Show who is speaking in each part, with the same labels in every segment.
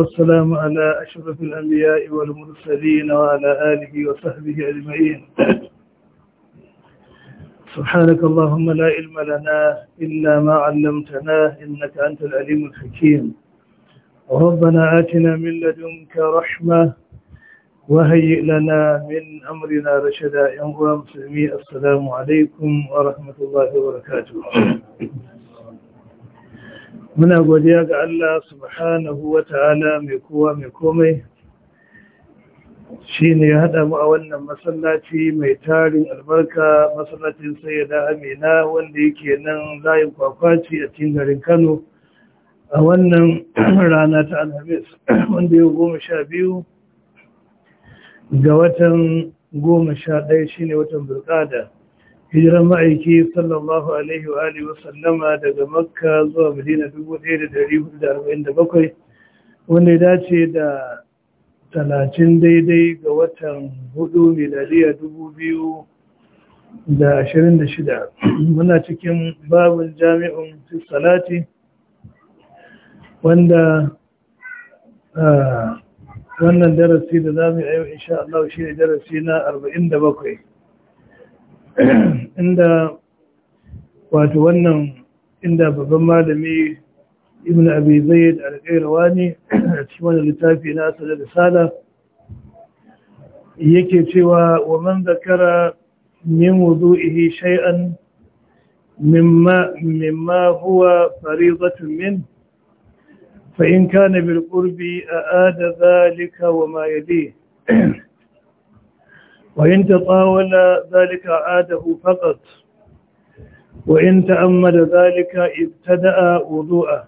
Speaker 1: والسلام على أشرف الأنبياء والمرسلين وعلى آله وصحبه أجمعين سبحانك اللهم لا علم لنا إلا ما علمتنا إنك أنت العليم الحكيم ربنا آتنا من لدنك رحمة وهيئ لنا من أمرنا رشدا يا مسلمين السلام عليكم ورحمة الله وبركاته muna godiya ga Allah subhanahu wa ta'ala mai kowa mai komai shi ne ya haɗa mu a wannan masallaci mai tarin albarka masallacin sayyada amina wanda yake nan zayin kwakwaci a cikin garin kano a wannan rana ta alhamis wanda ya goma sha biyu ga watan goma sha ɗaya shi ne watan bulƙada. hijiran ma'aiki sallallahu alaihi wa alihi wasallama daga makka zuwa madina 1447 wanda ya dace da talatin daidai ga watan hudu miladiya 2026 muna cikin babin jami'un salati wanda wannan darasi da za mu yi a yau insha Allah shi ne darasi na 47 inda wato wannan inda babban malami ibn abi zayd al-qairawa ne a cikin wannan littafi na da risala yake cewa wa man zakara min wudu'ihi shay'an fariidatun min fa in kana bil qurbi a'ada zalika wa ma يليه وإن تطاول ذلك عاده فقط وإن تأمل ذلك ابتدأ وضوءه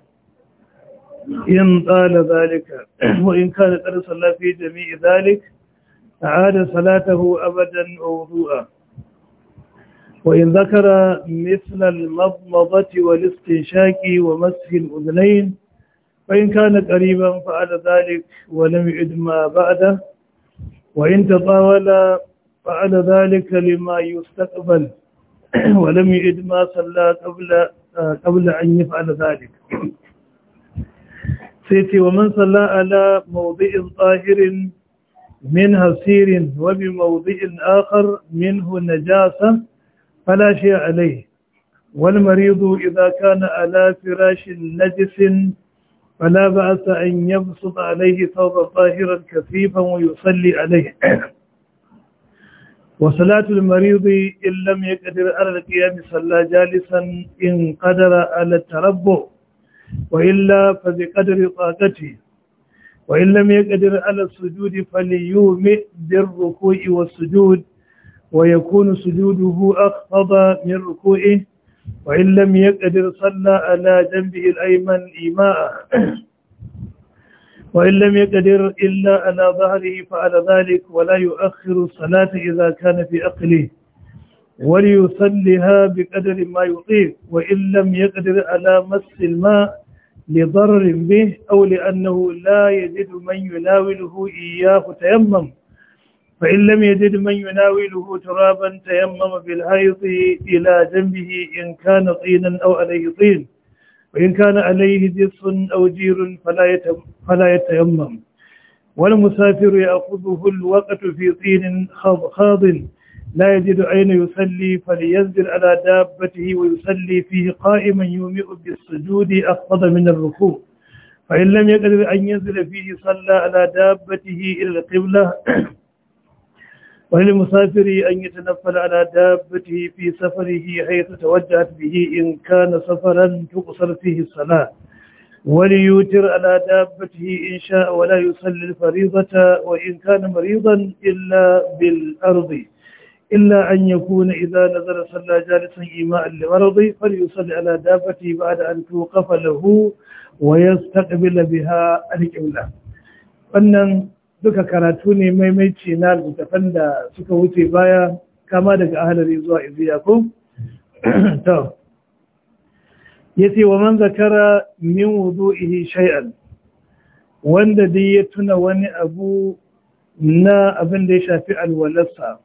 Speaker 1: إن قال ذلك وإن كان قد صلى في جميع ذلك عاد صلاته أبدا ووضوءه وإن ذكر مثل المضمضة والاستنشاق ومسح الأذنين فإن كان قريبا فعل ذلك ولم يعد ما بعده وإن تطاول فعل ذلك لما يستقبل ولم يعد ما صلى قبل قبل أن يفعل ذلك سيتي ومن صلى على موضع طاهر من هسير وبموضع آخر منه نجاسة فلا شيء عليه والمريض إذا كان على فراش نجس فلا بأس أن يبسط عليه ثوبا طاهرا كثيفا ويصلي عليه وصلاة المريض إن لم يقدر على القيام صلى جالسا إن قدر على التربع وإلا فبقدر طاقته وإن لم يقدر على السجود فليومئ بالركوع والسجود ويكون سجوده أخفض من ركوعه وإن لم يقدر صلى على جنبه الأيمن إيماء وإن لم يقدر إلا على ظهره فعل ذلك ولا يؤخر الصلاة إذا كان في أقله وليصلها بقدر ما يطيق وإن لم يقدر على مس الماء لضرر به أو لأنه لا يجد من يناوله إياه تيمم فإن لم يجد من يناوله ترابا تيمم بالهيط إلى جنبه إن كان طينا أو عليه طين وإن كان عليه جس أو جير فلا يتيمم والمسافر يأخذه الوقت في طين خاض لا يجد أين يصلي فلينزل على دابته ويصلي فيه قائما يومئ بالسجود أخفض من الركوع فإن لم يقدر أن ينزل فيه صلى على دابته إلى القبلة وللمسافر أن يتنفل على دابته في سفره حيث توجهت به إن كان سفرا تقصر فيه الصلاة وليوتر على دابته إن شاء ولا يصلي الفريضة وإن كان مريضا إلا بالأرض إلا أن يكون إذا نزل صلى جالسا إيماء لمرضه فليصلي على دابته بعد أن توقف له ويستقبل بها الجولة. أن duka karatu ne maimaici na littafan da suka wuce baya kama daga ahalari zuwa iziya ko to yace wa man zakara min wudu'ihi shay'an wanda dai ya tuna wani abu na abin da ya shafi alwalarsa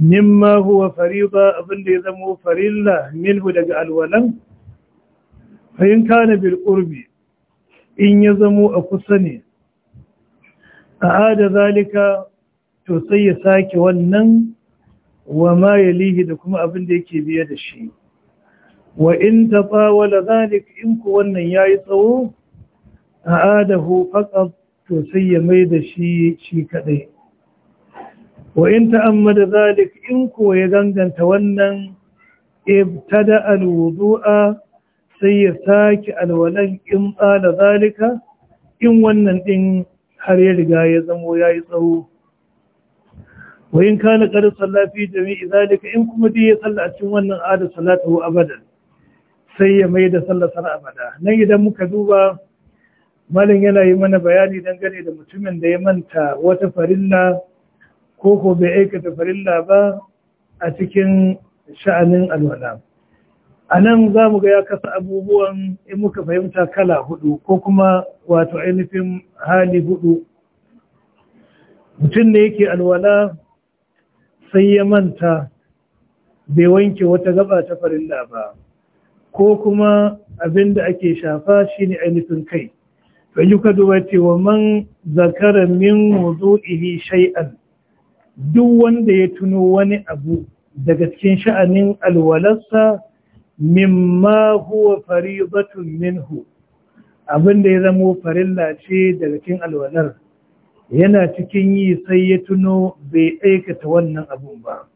Speaker 1: mimma huwa fariba abin da ya zama farilla minhu daga alwalan fahimta na bilkurbi in ya zamo a kusa ne a ada to sai ya sake wannan wa ma da kuma abin da yake biye da shi wa in tafawala zalik in ku wannan yayi tsawo a adahu faqat to sai ya mai da shi shi kadai wa in ta'ammada zalik in ku ya ganganta wannan da alwudu'a sai ya sake alwalan in qala zalika in wannan din har ya riga ya zamo ya yi tsawo wayin kana kada sallafi jami'i zalika in kuma dai ya salla a cikin wannan ada salatahu abadan sai ya mai da sallasar abada nan idan muka duba malin yana yi mana bayani dangane da mutumin da ya manta wata farilla ko ko bai aikata farilla ba a cikin sha'anin alwala a nan za mu ga ya kasa abubuwan in muka fahimta kala hudu ko kuma wato ainihin hali hudu mutum ne yake alwala sai ya manta bai wanke wata gaba ta farilla ba ko kuma abin da ake shafa shine ainihin kai ba yi kaduwa ce wa man zakara min wuzo wudu'ihi shay'an duk wanda ya tuno wani abu daga cikin sha'anin alwalarsa mimma huwa faridatun minhu abin da ya zamo farilla ce daga cikin alwalar yana cikin yi sai ya tuno bai aikata wannan abun ba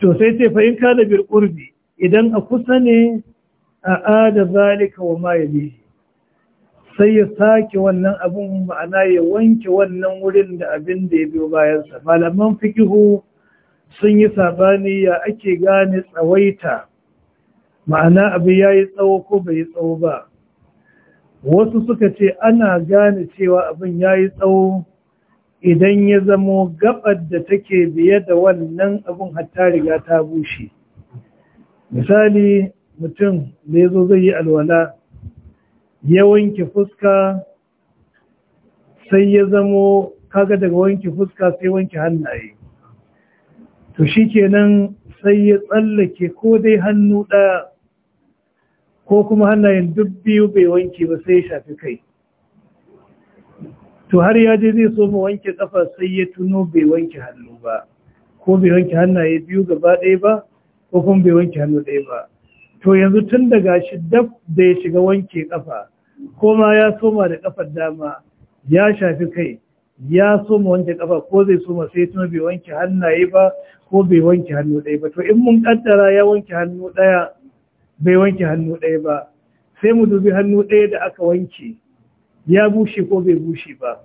Speaker 1: to sai ce fa in da bir qurbi idan a kusa ne a ada zalika wa ma sai ya sake wannan abun ma'ana ya wanke wannan wurin da abin da ya biyo bayansa malaman fikihu sun yi sabani ya ake gane tsawaita ma'ana abin ya yi tsawo ko bai yi tsawo ba wasu suka ce ana gane cewa abin ya yi tsawo idan ya zamo gabar da take biye da wannan abin hatta riga ta bushe misali mutum da ya zo zai yi alwala ya wanke fuska sai ya zamo kaga daga wanke fuska sai wanke hannaye to shi kenan sai ya tsallake ko dai hannu ɗaya ko kuma hannayen duk biyu bai wanke ba sai ya shafi kai to har ya je zai so mu wanke ƙafa sai ya tuno bai wanke hannu ba ko bai wanke hannaye biyu gaba ɗaya ba ko kuma bai wanke hannu ɗaya ba to yanzu tun daga shi dab da ya shiga wanke ƙafa, ko ma ya soma da ƙafar dama ya shafi kai ya soma wanke ƙafa, ko zai soma sai tuno bai wanke hannaye ba ko bai wanke hannu ɗaya ba to in mun kaddara ya wanke hannu ɗaya bai wanke hannu ɗaya ba sai mu dubi hannu ɗaya da aka wanke ya bushe ko bai bushe ba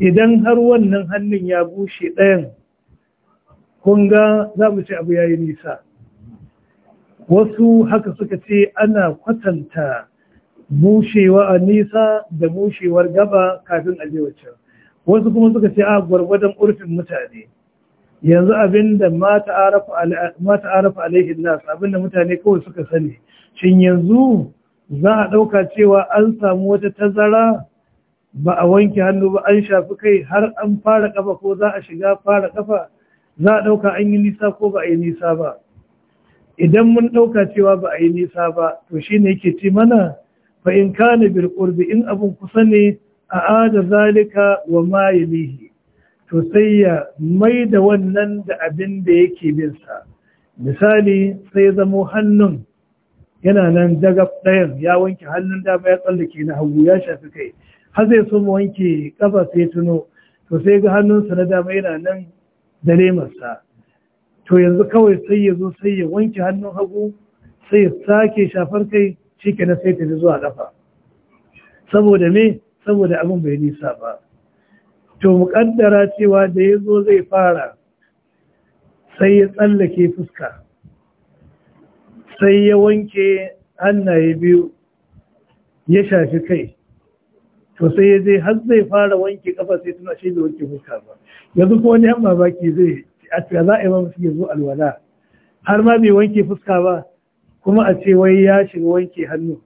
Speaker 1: idan har wannan hannun ya bushe ɗayan kun ga za mu ce abu ya yi nisa wasu haka suka ce ana kwatanta bushewa a nisa da bushewar gaba kafin a je wasu kuma suka ce a gwargwadon urfin mutane yanzu abinda mata arafa alaihin nasu abinda mutane kawai suka sani shin yanzu za a ɗauka cewa an samu wata tazara ba a wanke hannu ba an shafi kai har an fara kafa ko za a shiga fara ƙafa za a ɗauka an yi nisa ko ba a yi nisa ba idan mun ɗauka cewa ba a yi nisa ba to shi ne yake ci mana fa in kana bil in abun kusa ne a ada zalika wa ma yalihi to sai ya mai da wannan da abin da yake binsa misali sai zamo hannun yana nan daga ɗayan ya wanke hannun dama ya tsallake na hagu ya shafi kai har zai so wanke kafa sai tuno to sai ga hannunsa na dama yana nan da lemarsa to yanzu kawai sai ya zo sai ya wanke hannun hagu sai ya sake shafar kai shi na sai ta zuwa kafa saboda me saboda abin bai nisa ba to muƙaddara cewa da ya zo zai fara sai ya tsallake fuska sai ya wanke hannaye biyu ya shafi kai to sai ya zai har zai fara wanke kafa sai tuna shi da wanke fuska ba yanzu ko wani hamma baki zai a ce za a yi ma musu yanzu alwala har ma bai wanke fuska ba kuma a ce wai ya shiga wanke hannu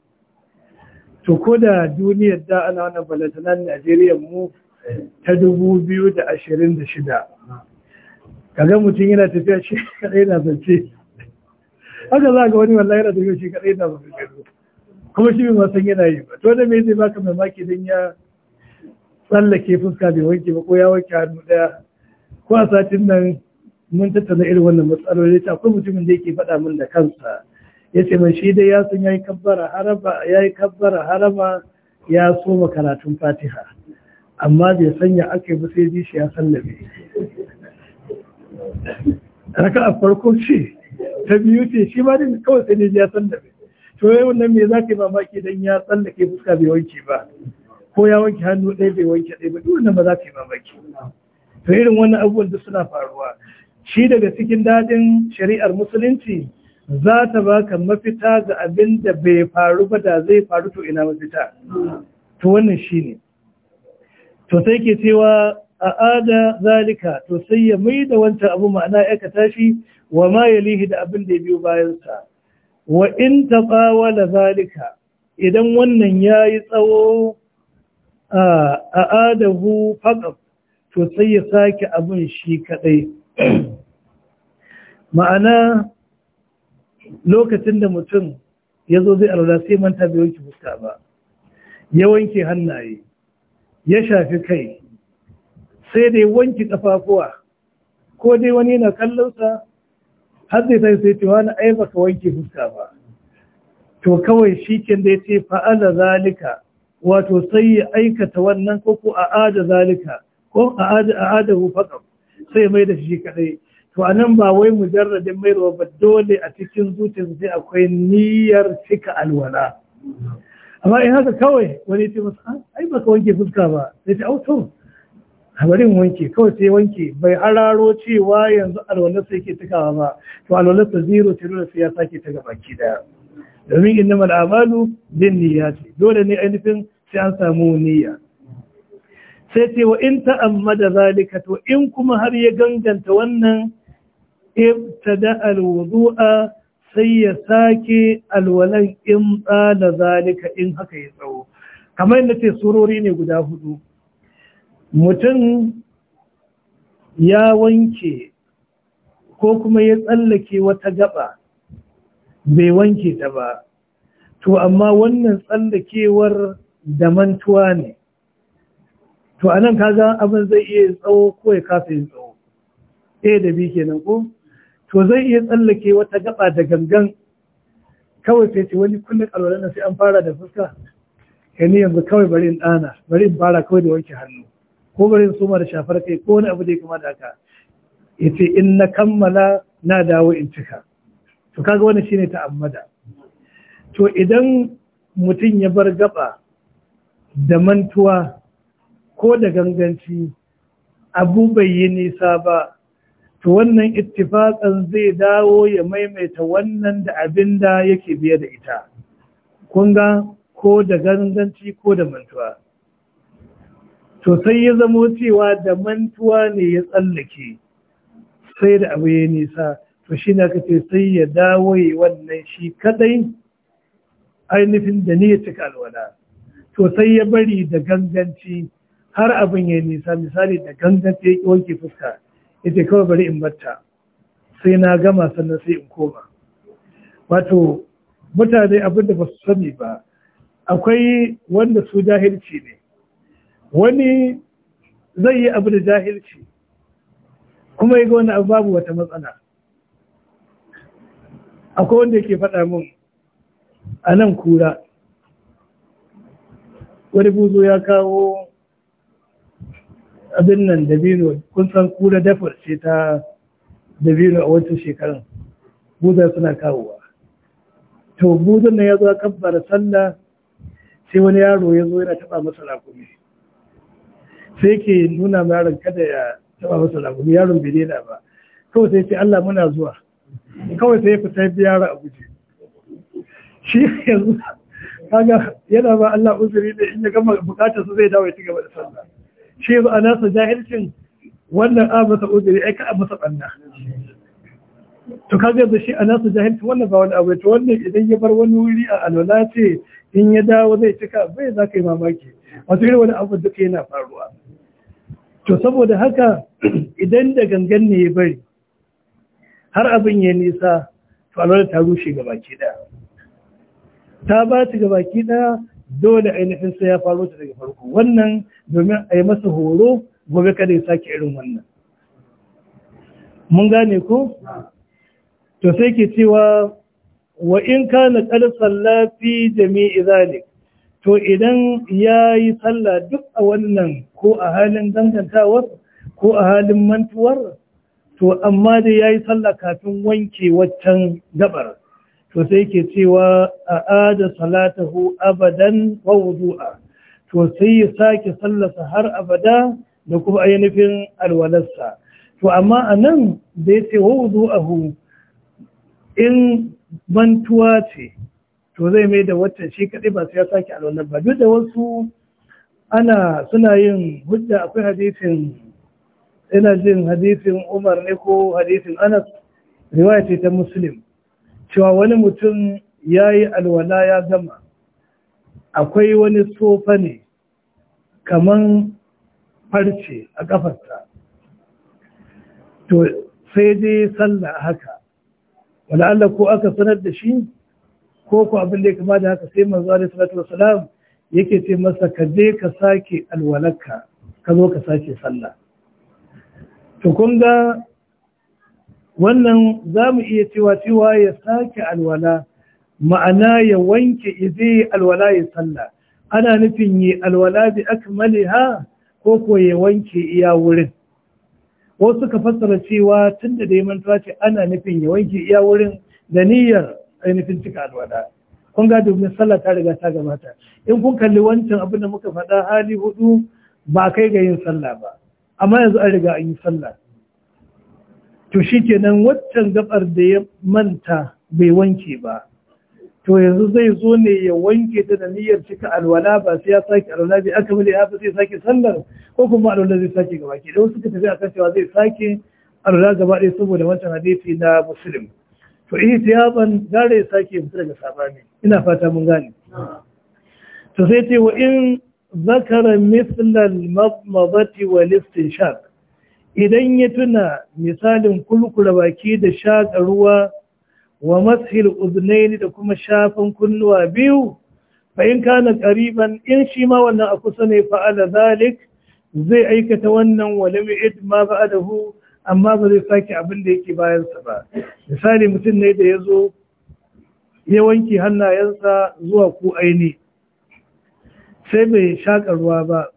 Speaker 1: to ko da duniyar da ana wannan balanta nan Najeriya mu ta 2026 kaga mutum yana tafiya shi kadai na zance haka za ga wani wallahi yana tafiya shi kadai na zance kuma shi bai san yana yi ba to da me zai baka mamaki dan ya tsallake fuska bai wanke ba ko ya wanke hannu daya ko a satin nan mun tattauna irin wannan matsaloli ta akwai mutumin da yake faɗa min da kansa ya ce mai shi dai ya san ya yi kabbara haraba ya yi kabbara haraba ya soma karatun fatiha amma bai sanya aka yi ba sai ji shi ya sallabe raka a farko ce ta biyu ce shi ma din kawai sai ya sallabe to yau nan me za ka yi mamaki dan ya tsallake fuska bai wanke ba ko ya wanke hannu ɗaya bai wanke ɗaya ba duk ba za ka yi mamaki to irin wannan abubuwan da suna faruwa shi daga cikin daɗin shari'ar musulunci za ta baka mafita ga abin da bai faru ba da zai faru to ina mafita to wannan shi ne. to sai ke cewa a ada zalika to sai ya mai da wancan abu ma'ana ya ka tashi wa ma yalihi da abin da ya biyo bayansa wa in taqawala zalika idan wannan yayi tsawo a adahu faqat to sai ya sake abin shi kaɗai. ma'ana lokacin da mutum ya zo zai alwala sai manta bai wanke fuska ba ya wanke hannaye ya shafi kai sai dai wanki kafafuwa ko dai wani yana kallonsa har zai sai sai cewa na ai baka wanke fuska ba to kawai shi kin da yace fa'ala zalika wato sai ya aikata wannan ko ko a'ada zalika ko a'ada hu faqat sai mai da shi kadai to anan ba wai mujarradin mai ba dole a cikin zuciyarsa sai akwai niyyar cika alwala amma in haka kawai wani ya ce masa ah, ai ba ka wanke fuska ba sai ta auto barin wanke kawai sai wanke bai hararo cewa yanzu alwalarsa yake tukawa ba to alwalarsa zero ce dole sai ya sake ta gaba ki da domin inna mal amalu bin niyyati dole ne ainihin sai an samu niyya sai ce wa in ta'ammada zalika to in kuma har ya ganganta wannan ibtada alwudu'a sai ya sake alwalan in tsada zalika in haka ya tsawo kamar yadda ce surori ne guda hudu mutum ya wanke ko kuma ya tsallake wata gaba bai wanke ta ba to amma wannan tsallakewar da mantuwa ne to anan kaga abin zai iya tsawo ko ya kasa yin tsawo ɗaya da biyu kenan ko to zai iya tsallake wata gaba da gangan kawai sai ce wani kullum alwalan sai an fara da fuska kai ni yanzu kawai bari in ɗana bari in fara kawai da wanke hannu ko bari in soma da shafar kai ko wani abu da ya kama da haka ya in na kammala na dawo in cika to kaga wani shine ta ammada. to idan mutum ya bar gaba da mantuwa ko da ganganci abu bai yi nisa ba to wannan ittifaqan zai dawo ya maimaita wannan da abin da yake biye da ita kun ga ko da ganganci ko da mantuwa to sai ya zamo cewa da mantuwa ne ya tsallake sai da abu ya nisa to shi ne kace sai ya dawo ya wannan shi kadai ainihin da ni ya cika alwala to sai ya bari da ganganci har abin ya nisa misali da ganganci ya wanke fuska ya kawai bari in batta sai na gama sannan sai in koma wato mutane abinda ba su sani ba akwai wanda su jahilci ne wani zai yi abu da jahilci kuma yi ga wani abu babu wata matsala akwai wanda yake faɗa min a nan kura wani buzo ya kawo abin nan dabino kun san kura dafar ce ta dabino a wancan shekarun buza suna kawowa to buzan nan ya zo kabbar sallah sai wani yaro ya zo yana taba masa rakumi sai ke nuna ma yaron kada ya taba masa rakumi yaron bai daina ba kawai sai ce Allah muna zuwa kawai sai ya fita ya yaro a guje shi yanzu kaga yana ba Allah uzuri da in ya gama bukatar su zai dawo ya ci gaba da sallah shi ba a nasa jahilcin wannan a masa uzuri ai ka masa ɓanna. to kaga yanzu shi a nasa jahilcin wannan ba wani abu to wannan idan ya bar wani wuri a alwala ce in ya dawo zai cika bai za ka yi mamaki wato irin wani abu duka yana faruwa to saboda haka idan da gangan ne ya bari har abin ya nisa to alwala ta rushe gaba ki daya ta ba ta gaba ki daya dole ainihin sai ya faro ta daga farko wannan domin a yi masa horo gobe kada ya sake irin wannan mun gane ko to sai ke cewa wa in ka na salla fi jami'i zalik to idan ya yi sallah duk a wannan ko a halin dangantawar ko a halin mantuwar to amma da yi sallah kafin wanke waccan gabar to sai ke cewa a ada salatahu abadan wa wudu'a to sai ya sake sallasa har abada da kuma ainihin alwalarsa to amma a nan da ya ce wa in bantuwa ce to zai mai da wata shi kaɗai ba sai ya sake alwalar ba duk da wasu ana suna yin hujja akwai hadisin ina jin hadisin umar ne ko hadisin anas riwaya ta muslim cewa wani mutum ya yi alwala ya zama akwai wani tsofa ne kaman farce a ƙafarsa to sai dai sallah haka Allah ko aka sanar da shi ko ku abin da ya kama da haka sai manzo alaihi salatu wasalam yake ce masa ka je ka sake alwalarka ka zo ka sake sallah to kun ga wannan za mu iya cewa cewa ya sake alwala ma'ana ya wanke izi alwala ya salla ana nufin yi alwala bi ha ko ko ya wanke iya wurin wasu ka fassara cewa tun da dai mantuwa ce ana nufin ya wanke iya wurin da niyyar ainihin cika alwala kun ga domin sallah ta riga ta gabata in kun kalli wancan abin da muka faɗa hali hudu ba kai ga yin sallah ba amma yanzu an riga an yi sallah to shi kenan waccan gabar da ya manta bai wanke ba to yanzu zai zo ne ya wanke ta da niyyar cika alwala ba sai ya sake alwala bai aka mili ya sai sake sallar ko kuma alwala zai sake gaba ke da wasu suka tafi akan cewa zai sake alwala gaba ɗaya saboda wancan hadisi na musulun? to ihtiyaban gare ya sake fita daga sabani ina fata mun gane to sai ce wa in zakara mabati wa listin Shark. idan ya tuna misalin kulkula baki da shaƙa ruwa wa matsayin uznaini da kuma shafan kunnuwa biyu in kana ƙariban in shi ma wannan a kusa ne fa'ala zalik zai aikata wannan walami id ma ba amma ba zai sake abin da yake bayansa ba misali mutum ne da ya zo ya wanke hannayensa zuwa ku aini sai bai shaƙa ruwa ba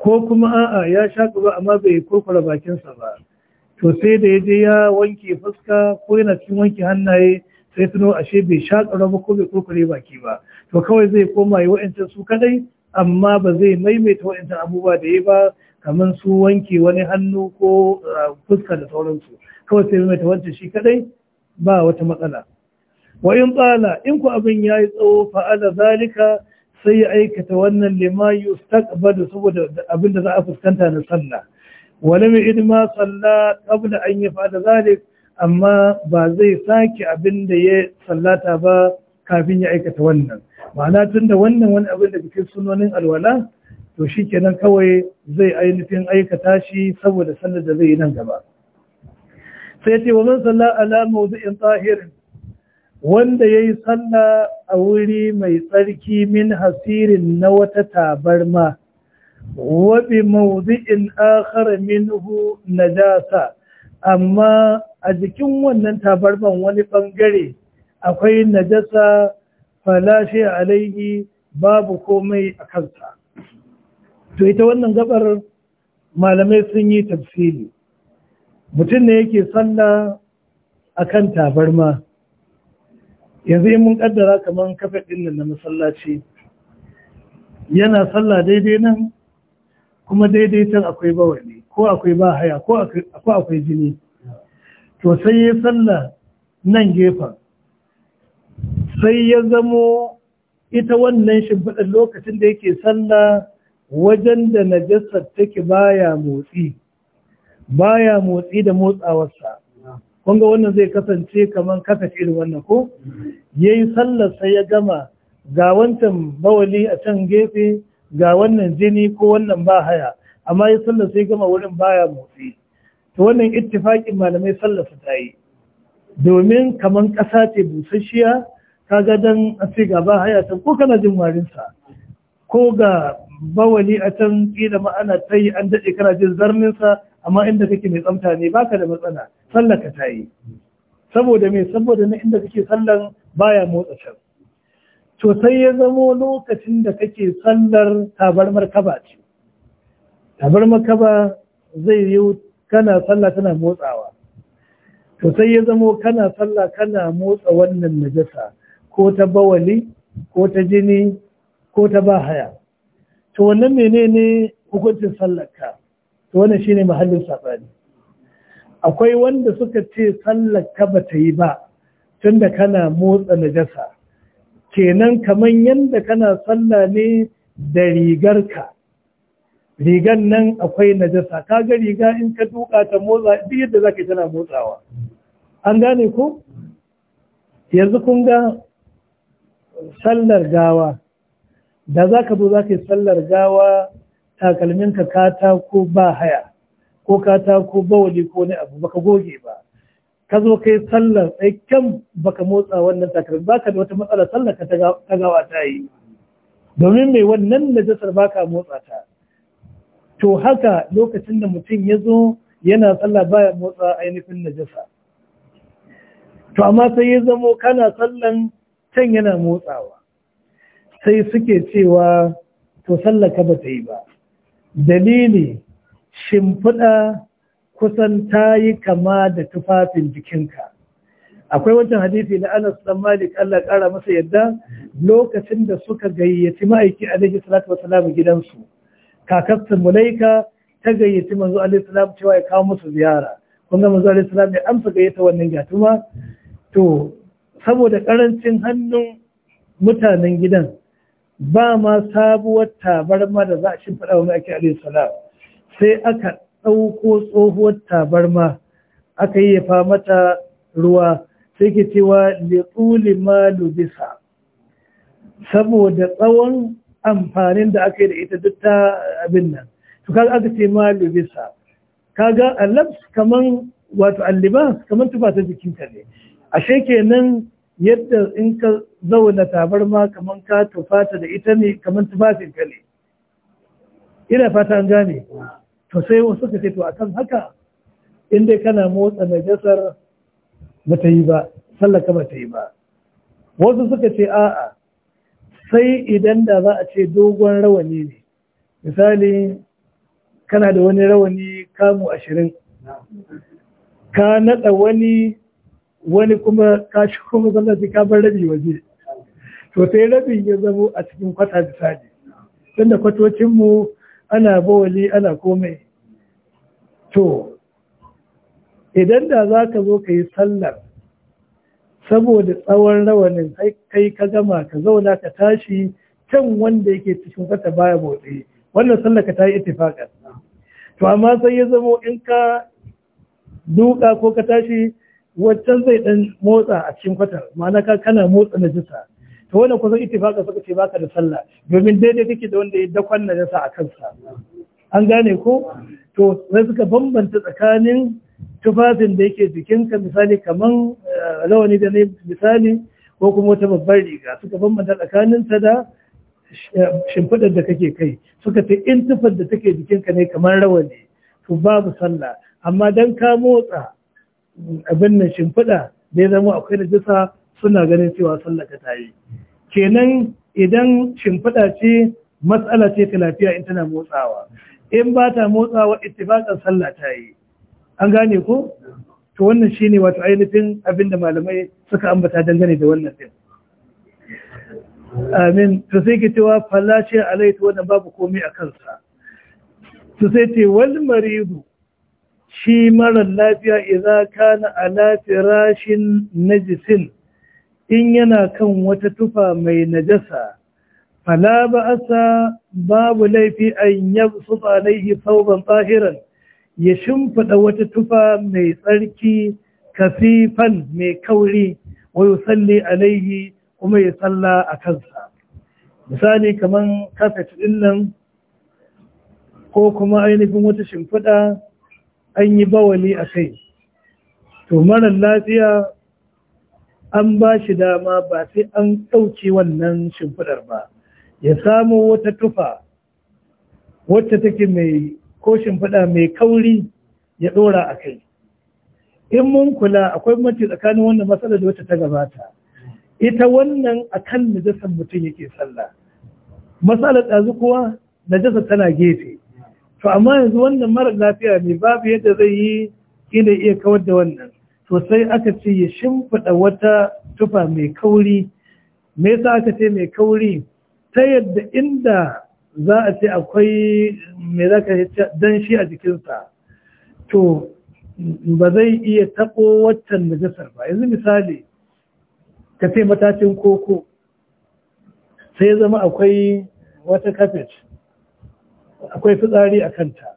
Speaker 1: ko kuma a'a ya sha gaba amma bai kurkura bakinsa ba to sai da ya je ya wanke fuska ko yana cikin wanke hannaye sai tuno ashe bai sha ba ko bai kurkure baki ba to kawai zai koma yi wa'ancan su kadai amma ba zai maimaita wa'ancan abubuwa da ya ba kamar su wanke wani hannu ko ah, fuska da sauransu kawai sai maimaita wancan shi kadai ba wata matsala wa in tsala in ku abin ya yi tsawo fa'ala zalika sai ya aikata wannan lima yustaqbalu saboda abin da za a fuskanta na sallah wani mai idma salla kabla an fada zalik amma ba zai sake abin da ya sallata ba kafin ya aikata wannan ma'ana tunda wannan wani abin da cikin sunonin alwala to shi kenan kawai zai ainihin aikata shi saboda sallar da zai yi nan gaba sai ce wa man salla ala mawdu'in tahirin wanda ya yi sallah a wuri mai tsarki min hasirin na wata tabarma wabi mawuzi'in akhar minhu najasa amma a jikin wannan tabarman wani ɓangare akwai najasa falashe alaihi babu komai a kansa to ita wannan gabar malamai sun yi tafsiri mutum ne yake sallah akan tabarma yanzu in mun kaddara kamar kafa ɗin na masallaci yana salla daidai nan kuma daidai can akwai bawani ko akwai bahaya ko akwai jini to sai ya sallah nan gefen sai ya zamo ita wannan shimfiɗar lokacin da yake sallah wajen da najasar take baya motsi baya motsi da motsawarsa Kunga wannan zai kasance kamar kasa irin wannan ko Ya yi sallarsa ya gama ga wancan bawali a can gefe ga wannan jini ko wannan ba haya amma ya sallarsa ya gama wurin baya motsi Ta wannan ittifaƙin malamai sallarsa ta yi domin kamar ƙasa ce busasshiya kaga dan a ce ga ba haya ta ko kana jin warinsa ko ga bawali a can kila ma'ana ta yi an daɗe kana jin zarninsa amma inda kake mai tsamta ne baka da matsala sallaka ta yi saboda me saboda na inda kake sallar baya motsa can to sai ya zamo lokacin da kake sallar tabarmar kaba ce tabarmar kaba zai yi kana sallah tana motsawa to sai ya zamo kana sallah kana motsa wannan najasa ko ta bawali ko ta jini ko ta bahaya to wannan menene hukuncin ka to wannan shine mahallin sabani akwai wanda suka ce sallar ka ba ta yi ba tun da kana motsa najasa kenan kamar yadda kana sallah ne da rigarka rigar nan akwai najasa kaga riga in ka duka ta motsa duk yadda ka tana motsawa an gane ku. yanzu kun ga sallar gawa da za ka zo ka yi sallar gawa takalminka kata ko ba haya ko kata ko bawali ko wani abu baka goge ba ka zo kai sallar tsakken baka motsa wannan ba baka da wata matsala sallar ka ta gawa ta yi domin mai wannan najasar baka motsa ta to haka lokacin da mutum ya zo yana sallah baya motsa ainihin najasa to amma sai ya zamo kana sallar can yana motsawa sai suke cewa to ka ba ta yi ba dalili shimfiɗa kusan ta yi kama da tufafin jikinka akwai wancan hadisi na Anas dan Malik Allah ƙara masa yadda lokacin da suka gayyaci ma'aiki alaihi salatu Salam gidansu kakarsa Mulaika ta gayyaci manzo alaihi salam cewa ya kawo musu ziyara kun ga manzo alaihi salam ya amsa gayyata wannan gatuma to saboda ƙarancin hannun mutanen gidan ba ma sabuwar tabarma da za a shimfiɗa wani ake alaihi salam sai aka ɗauko tsohuwar tabarma aka yi fa mata ruwa sai ke cewa liƙuli malu bisa saboda tsawon amfanin da aka yi da ita duk ta abin nan to kaga aka ce malu bisa kaga alabs kaman wato allibas kaman tufa ta ka ne ashe kenan yadda in ka zauna tabarma kaman ka tufata da ita ne kaman ta ne ina fata an gane to sai wasu suka ce to akan haka in dai kana motsa najasar ba ta yi ba sallaka ba ta yi ba wasu suka ce a'a sai idan da za a ce dogon rawani ne misali kana da wani rawani kamu ashirin ka naɗa wani wani kuma ka shi kuma ka bar rabi waje to sai rabin ya zamo a cikin kwata misali tunda kwatocinmu ana bawali ana komai to idan da za ka zo ka yi sallar saboda tsawon rawanin kai ka gama ka zauna ka tashi can wanda yake cikin kwata baya motsi wannan sallar ka ta yi itifakan to amma sai ya zamo in ka duka ko ka tashi waccan zai dan motsa a cikin kwatar ma'ana ka kana motsa na jisa. to wannan kusan ittifaka suka ce baka da sallah domin daidai kake da wanda ya dakon najasa a kansa an gane ko to sai suka bambanta tsakanin tufafin da yake jikinka misali kaman eh, rawani da ne misali ko kuma wata babbar riga suka bambanta tsakanin ta da eh, shimfiɗar da kake kai suka ce in tufar da take ka ne kamar rawani to babu sallah amma dan ka motsa abin nan shimfiɗa da ya zama akwai najasa suna ganin cewa Sallah ta yi kenan idan shimfiɗa ce matsala ce ta lafiya in tana motsawa in ba ta motsawa ittifaqan sallah ta yi an gane ko to wannan shine wato ainihin abin da malamai suka ambata dangane da wannan din amin to sai ki cewa falla ce alaitu wannan babu komai a kansa to sai ce wal maridu shi mara lafiya idza kana ala firashin najisin in yana kan wata tufa mai najasa fala ba'asa babu laifi an na alaihi thawban tsahiran, ya shimfiɗa wata tufa mai tsarki kasifan mai kauri wa salli alaihi kuma ya salla a kansa misali kamar kafet din nan ko kuma ainihin wata shimfiɗa an yi bawali a kai to marar lafiya an ba shi dama ba sai an ɗauce wannan shimfiɗar ba ya samu wata tufa wacce take mai ko shimfiɗa mai kauri ya ɗora a kai in mun kula akwai mace tsakanin wannan matsala da wacce ta gabata ita wannan akan najasar mutum yake sallah matsalar ɗazu kuwa najasar tana gefe to amma yanzu wannan mara lafiya ne babu yadda zai yi ina iya kawar da wannan to sai aka ce ya shimfiɗa wata tufa mai kauri me yasa aka ce mai kauri ta yadda inda za a ce akwai me za ka dan shi a jikinsa to ba zai iya taɓo waccan najasar ba yanzu misali ka ce matacin koko sai zama akwai wata kafet akwai fitsari a kanta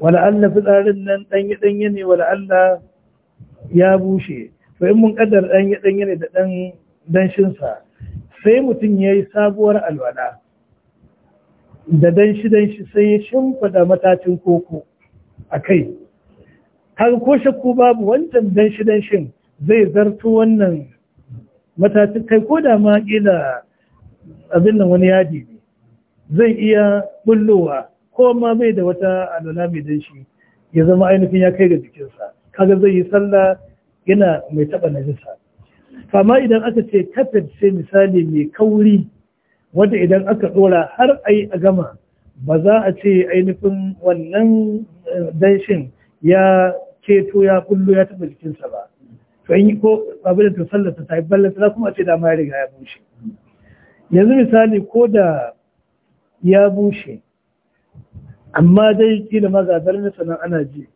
Speaker 1: wala Allah fitsarin nan ɗanye-ɗanye ne wala Allah ya bushe to in mun kaddar dan ya dan ne da dan danshin sa sai mutum yayi sabuwar alwala da danshi danshi sai ya shimfida matacin koko akai har ko shakku babu wancan danshi danshin zai zarto wannan matacin kai ko da ma kila abin nan wani yadi ne zai iya bullowa ko ma bai da wata alwala mai danshi ya zama ainihin ya kai ga jikinsa kaga zai yi sallah yana mai taɓa najisa amma idan aka ce kafet sai misali mai kauri wanda idan aka ɗora har a yi a gama ba za a ce ainihin wannan eh, danshin ya keto ya kullu ya taɓa jikinsa ba to yi ko abin da sallarsa ta yi ballanta za kuma ce da ma ya riga ya bushe yanzu misali ko da ya bushe amma dai kila ga na sanan ana ji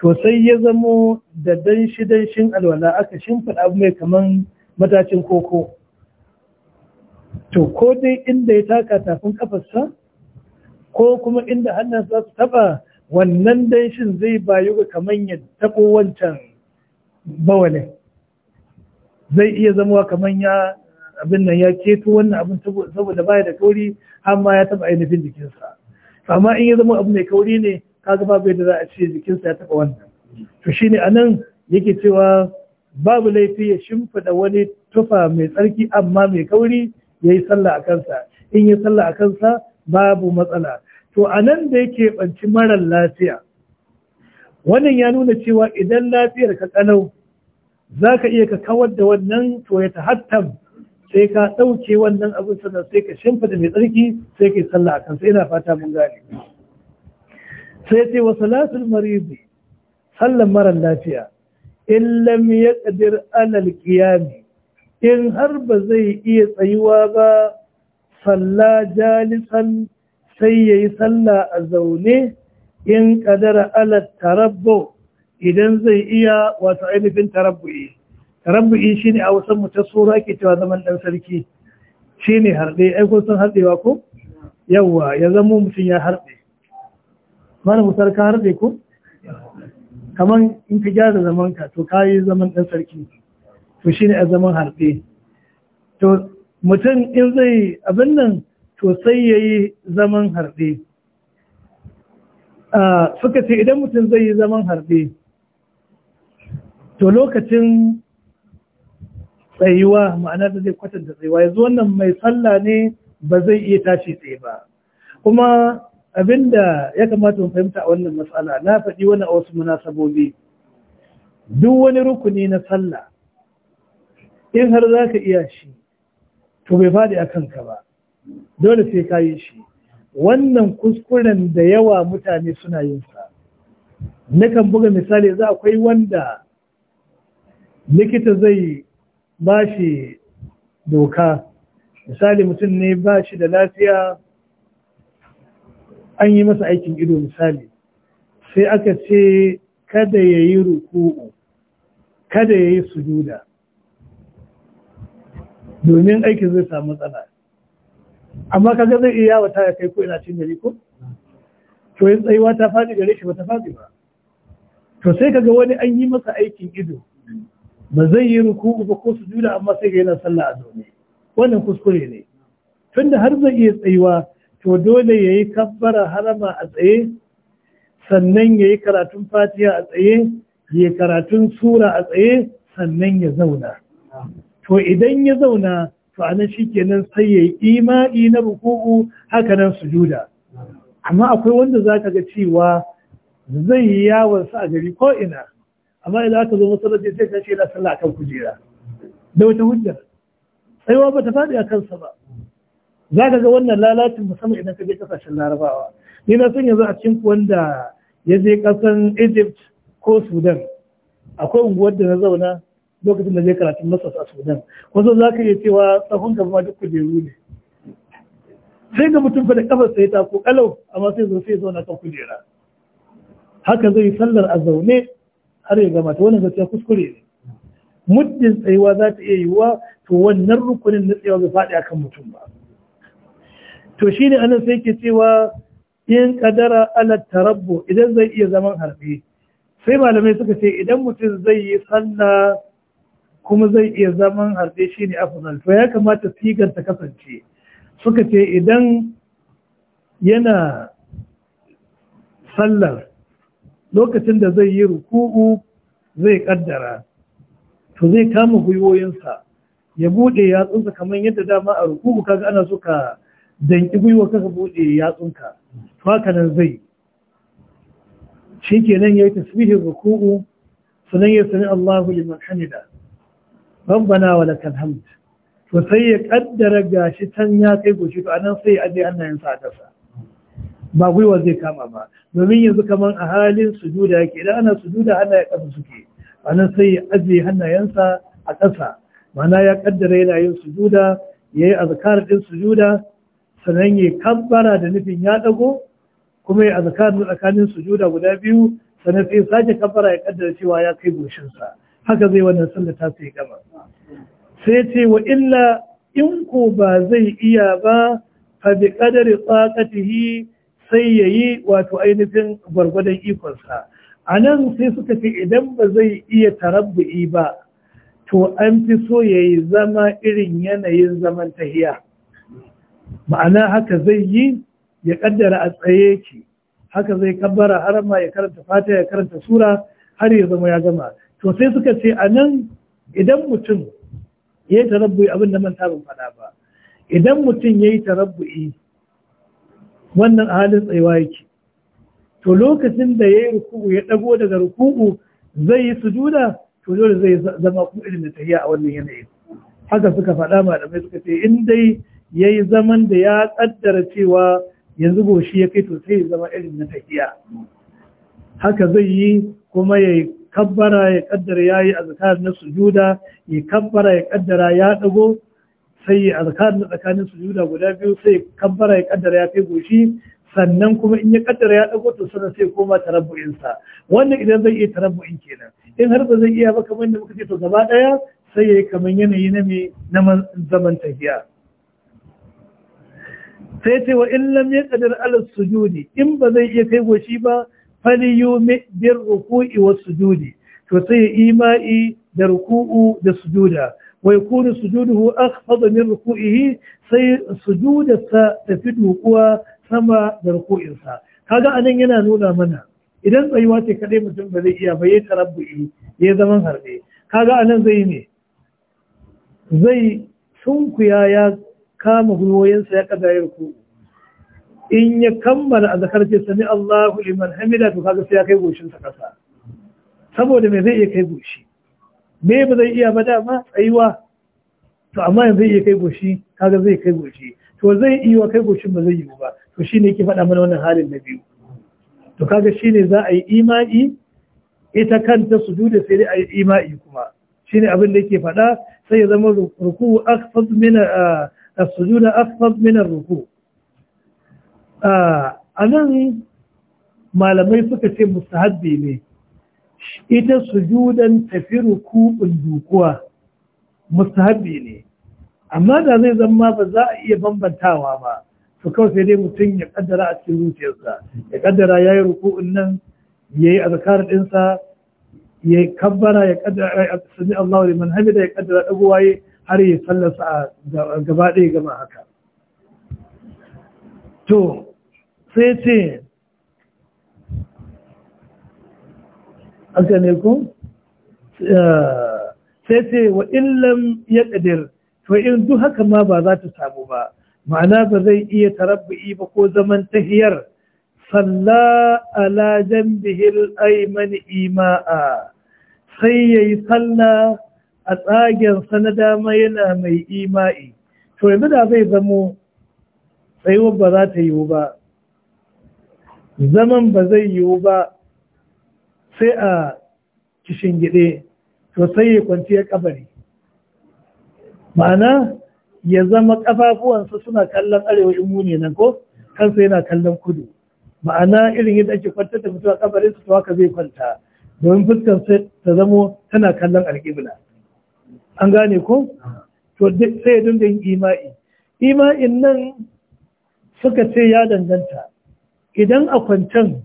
Speaker 1: to sai ya zamo da danshi danshin alwala aka shimfiɗa abu mai kaman matacin koko to ko dai inda ya taka tafin kafarsa ko kuma inda hannun za su taba wannan danshin zai bayu ga kaman ya tabo wancan bawalin zai iya zamowa kaman ya abin nan ya keto wannan abin saboda baya da kauri har ma ya taba ainihin jikinsa amma in ya zama abu mai kauri ne Ka kaga babu yadda za a ce jikinsa ya taɓa wannan to shi ne anan yake cewa babu laifi ya shimfiɗa wani tufa mai tsarki amma mai kauri ya yi sallah a kansa in yi sallah a kansa babu matsala to anan nan da yake banci marar lafiya wannan ya nuna cewa idan lafiyar ka ƙanau za ka iya ka kawar da wannan to ya ta hattam sai ka ɗauke wannan abin sannan sai ka shimfiɗa mai tsarki sai ka yi sallah a kansa ina fata mun gane sai ce wa salatul maridi sallan mara lafiya in lam yaqdir alal qiyami in har ba zai iya tsayuwa ba salla jalisan sai yayi salla a zaune in ƙadara alal tarabbo idan zai iya wato ainihin tarabbu'i shi ne a wasan ta tsoro ake cewa zaman dan sarki ne harɗe ai ko sun harɗewa ko yawa ya zama mutum ya harɗe malam musar ka harbe ko kamar in ka gyara zaman ka to ka zaman ɗan sarki to shine a zaman harbe to mutum in zai abin nan to sai ya yi zaman harbe suka ce idan mutum zai yi zaman harbe to lokacin tsayuwa ma'ana da zai kwatanta tsayuwa yanzu wannan mai sallah ne ba zai iya tashi tsaye ba kuma abinda ya kamata mu fahimta a wannan matsala na faɗi wani a wasu munasabobi duk wani rukuni na sallah in har za ka iya shi to bai faɗi a kanka ba dole sai ka yi shi wannan kuskuren da yawa mutane suna yin sa nakan buga misali za akwai wanda likita zai ba shi doka misali mutum ne ba shi da lafiya an yi masa aikin ido misali sai aka ce kada ya yi ruku'u kada ya yi sujuda domin aikin zai samu matsala amma kaga zai iya wata ya kai ko ina cin gari ko to yin tsayuwa ta faɗi gare shi ba ta faɗi ba to sai kaga wani an yi masa aikin ido ba zai yi ruku'u ba ko sujuda amma sai ga yana sallah a zaune wannan kuskure ne tunda har zai iya tsayuwa to dole ya yi kabbara harama a tsaye sannan ya yi karatun fatiya a tsaye ya yi karatun sura a tsaye sannan ya zauna to idan ya zauna to a nan shikenan sai ya yi imani na ruku'u haka nan sujuda amma akwai wanda za ka ga cewa zai yi yawon sa a gari ko'ina. ina amma idan aka zo masallaci sai ka ce na sallah kan kujera da wata hujjar tsayuwa ba ta faɗi a kansa ba za ka ga wannan lalacin musamman idan ka je kasashen larabawa ni na san yanzu a cikin wanda ya je kasan egypt ko sudan akwai unguwar da na zauna lokacin da zai karatun masas a sudan wasu za ka iya cewa tsahon gaba ma duk kujeru ne sai ga mutum fada da kafar sai ta ko kalau amma sai zo sai zauna kan kujera haka zai yi sallar a zaune har ya gama ta wannan zai kuskure ne muddin tsayuwa za ta iya yiwuwa to wannan rukunin na tsayuwa bai faɗi akan mutum ba to shi ne anan sai ke cewa in kadara ala tarabbu idan zai iya zaman harbe sai malamai suka ce idan mutum zai yi sallah kuma zai iya zaman harbe ne afzal to ya kamata sigar ta kasance suka ce idan yana sallar lokacin da zai yi ruku'u zai kaddara to zai kama gwiwoyinsa ya bude yatsunsa kamar yadda dama a ruku'u kaga ana suka dan ki gwiwa kaka buɗe yatsunka to haka nan zai shikenan yayi tasbihin ruku'u Sanan ya sani Allahu liman hamida rabbana wa lakal hamd to sai ya kaddara gashi tan ya kai goshi to anan sai ya ajiye hannayensa a kasa ba gwiwa zai kama ba domin yanzu kamar a halin sujuda yake idan ana sujuda ya ƙasa suke anan sai ya ajiye hannayensa a ƙasa mana ya kaddara yana yin sujuda ya yi azkar ɗin sujuda sannan ya kabbara da nufin ya dago kuma ya azkaru tsakanin sujuda guda biyu sannan sai sake kabbara ya kaddara cewa ya kai goshinsa haka zai wannan sallah ta sai gaba sai ce wa illa in ko ba zai iya ba fa bi qadari tsaqatihi sai yayi wato ainihin gwargwadon ikonsa a nan sai suka ce idan ba zai iya tarabbi ba to an fi so ya zama irin yanayin zaman tahiya ma'ana haka zai yi ya kaddara a tsaye ki. haka zai kabbara harama ya karanta fata ya karanta sura har ya zama ya gama to sai suka ce a nan idan mutum ya yi tarabbu'i abin da manta ban faɗa ba idan mutum ya yi tarabbu'i wannan halin tsayuwa yake to lokacin da ya yi ruku'u ya dago daga ruku'u zai yi sujuda to dole zai zama kuma irin da tahiya a wannan yanayin haka suka faɗa malamai suka ce in dai ya yi zaman da ya kaddara cewa yanzu goshi ya kai to sai ya zama irin na tafiya haka zai yi kuma ya yi kabbara ya kaddara ya yi azkar na sujuda ya kabbara ya kaddara ya ɗago sai ya azkar na tsakanin sujuda guda biyu sai ya kabbara ya kaddara ya kai goshi sannan kuma in ya kaddara ya ɗago to sannan sai koma tarabbu'in wannan idan zai iya tarabbu'in kenan in har ba zai iya ba kamar da muka ce to gaba ɗaya sai ya yi kamar yanayi na mai na zaman tafiya sai ce wa in lam kadar ala sujudi in ba zai iya kai goshi ba fali yumi bir ruku'i was sujudi to sai ima'i da ruku'u da sujuda wa yakunu sujuduhu akhfad min ruku'ihi sai sujudarsa ta fi dukuwa sama da ruku'insa kaga anan yana nuna mana idan tsayuwa ce kadai mutum ba zai iya ba yayi tarabbu'i ya zaman harbe kaga anan zai ne zai sunkuya ya kama hulwoyinsa ya kaza ya ruku in ya kammala a zakar ce sami Allahu liman hamida to kaga sai ya kai goshinsa kasa saboda me zai iya kai goshi me ba zai iya ba dama tsayuwa to amma yanzu zai iya kai goshi kaga zai kai goshi to zai iya kai goshin ba zai yi ba to shine yake faɗa mana wannan halin na biyu to kaga shine za a yi imani ita kanta dude sai dai a yi imani kuma shine abin da yake faɗa sai ya zama ruku akhfad min ah, السجود أخفض من الركوع آه أنا ما لم يفكت مستهدي لي ita sujudan tafi rukun dukuwa mustahabi ne amma da zai zama ba za a iya bambantawa ba to kawai sai dai mutum ya kaddara a cikin zuciyarsa ya kaddara ya yi ruku'un nan ya yi azkar ɗinsa ya kabbara ya kaddara sami Allah liman hamida ya kaddara ɗaguwaye har yi a gaba ɗaya gama haka to sai ce aka ne ku sai ce wa illam ya ƙadir to in duk haka ma ba za ta samu ba ma'ana ba zai iya tarabba'i ba ko zaman tahiyar salla ala jambihil aiman ima'a sai ya yi sallah a tsagensa na dama yana mai ima'i to yanzu da zai zamo tsayuwar ba za ta yiwu ba zaman ba zai yiwu ba sai a kishin gide to sai ya kwanci ya kabari ma'ana ya zama kafafuwansa suna kallon arewa in muni nan ko kansa yana kallon kudu ma'ana irin yadda ake kwanta ta fito a kabarin su haka zai kwanta domin fuskar ta zamo tana kallon alƙibla an gane ko to sai ya dinga yin ima'i ima'in nan suka ce ya danganta idan a kwancan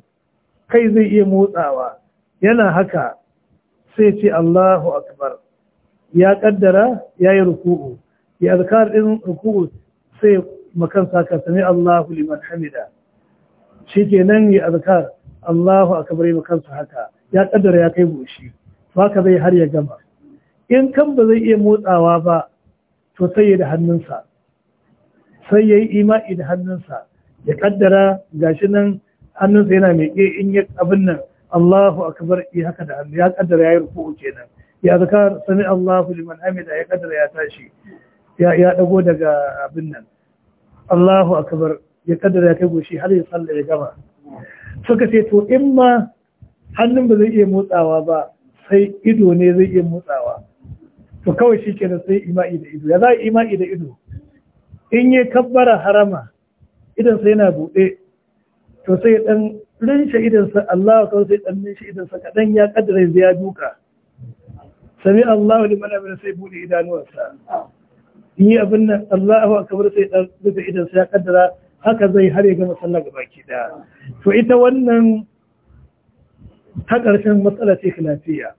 Speaker 1: kai zai iya motsawa yana haka sai ce Allahu akbar ya kaddara ya yi ruku'u ya azkar din ruku'u sai makan saka sami Allahu liman hamida shikenan ya azkar Allahu akbar makan haka ya kaddara ya kai Ba haka zai har ya gama in kan ba zai iya motsawa ba to sai ya da hannunsa sai ya yi ima'i da hannunsa ya kaddara gashi nan hannunsa yana ke in ya abin nan Allahu akbar ya haka da hannu ya kaddara ya yi kenan ya zaka sami Allahu liman hamida ya kaddara ya tashi ya ya dago daga abin nan Allahu akbar ya kaddara ya kai goshi har ya salla ya gama suka ce to in ma hannun ba zai iya motsawa ba sai ido ne zai iya motsawa to kawai shi ke kenan sai ima'i da ido ya za ima'i da ido in yi kabbara harama idan sai yana buɗe to sai dan rinshe idansa Allah kawai sai dan rinshe idansa kadan ya kaddara ya duka sami Allah liman amina sai buɗe idanuwarsa in yi abin nan Allahu akbar sai dan rufe idan sai ya kaddara haka zai har ya gama sallah gabaki daya to ita wannan ta ƙarshen matsala ce lafiya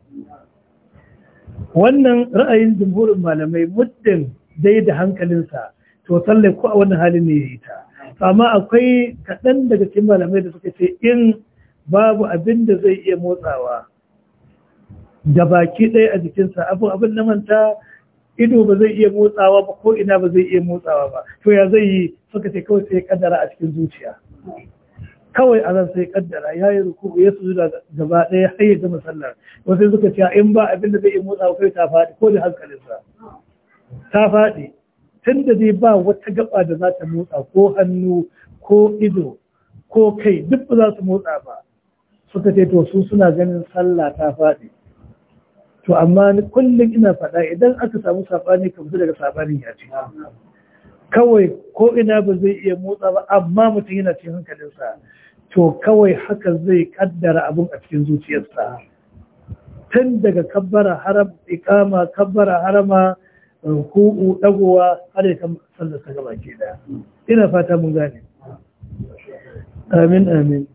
Speaker 1: wannan ra'ayin jumhurin malamai muddin dai da hankalinsa to tsalle ko a wannan halin ne ya yi
Speaker 2: ta
Speaker 1: amma akwai kaɗan daga cikin malamai da suka ce in babu abin da zai iya motsawa da baki ɗaya a jikinsa abu abin na manta ido ba zai iya motsawa ba ko ina ba zai iya motsawa ba to ya zai yi suka ce kawai sai kaddara a cikin zuciya kawai azan sai kaddara ya yi ruku ya su da gaba ɗaya har ya gama sallar wasu suka ce in ba abin da zai yi motsa kai ta faɗi ko da hankalinsa ta faɗi tun da zai ba wata gaba da za ta motsa ko hannu ko ido ko kai duk ba za su motsa ba suka ce to su suna ganin sallah ta faɗi to amma kullum ina faɗa idan aka samu saɓani su daga saɓanin ya ce kawai ko ina ba zai iya motsa ba amma mutum yana cikin hankalinsa to kawai haka zai kaddara abin a cikin zuciyarsa tun daga kabbara haram ikama kabbara harama ruku'u dagowa har ya sallar ta gaba ke da ina fata mun gane amin amin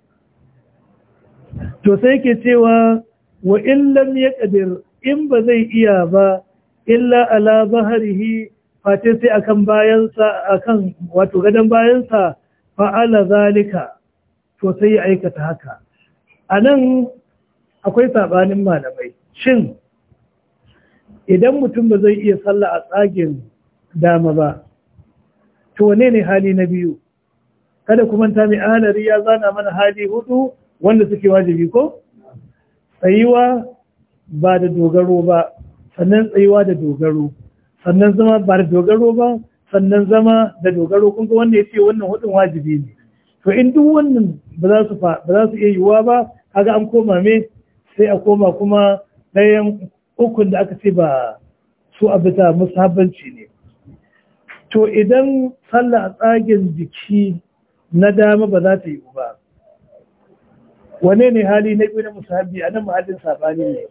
Speaker 1: to sai ke cewa wa illan ya yaqdir in ba zai iya ba illa ala bahrihi fate sai akan bayansa akan wato gadon bayansa fa'ala zalika Sosai ya aikata haka a nan akwai saɓanin malamai shin idan mutum ba zai iya sallah a tsagen dama ba to wane ne hali na biyu kada kuma ta mai alari ya zana mana hali hudu wanda suke wajibi ko tsayuwa ba da dogaro ba sannan tsayuwa da dogaro sannan zama ba da dogaro ba sannan zama da dogaro kun ga wanda ya ce wannan hudun wajibi ne to in duk wannan ba za su iya yiwuwa ba kaga an koma me sai a koma kuma ɗayan ukun da aka ce ba su a musu musabbanci ne to idan sallah a tsagen jiki na dama ba za ta yiwu ba wane ne hali na biyu na musahabi a nan mahallin sabani ne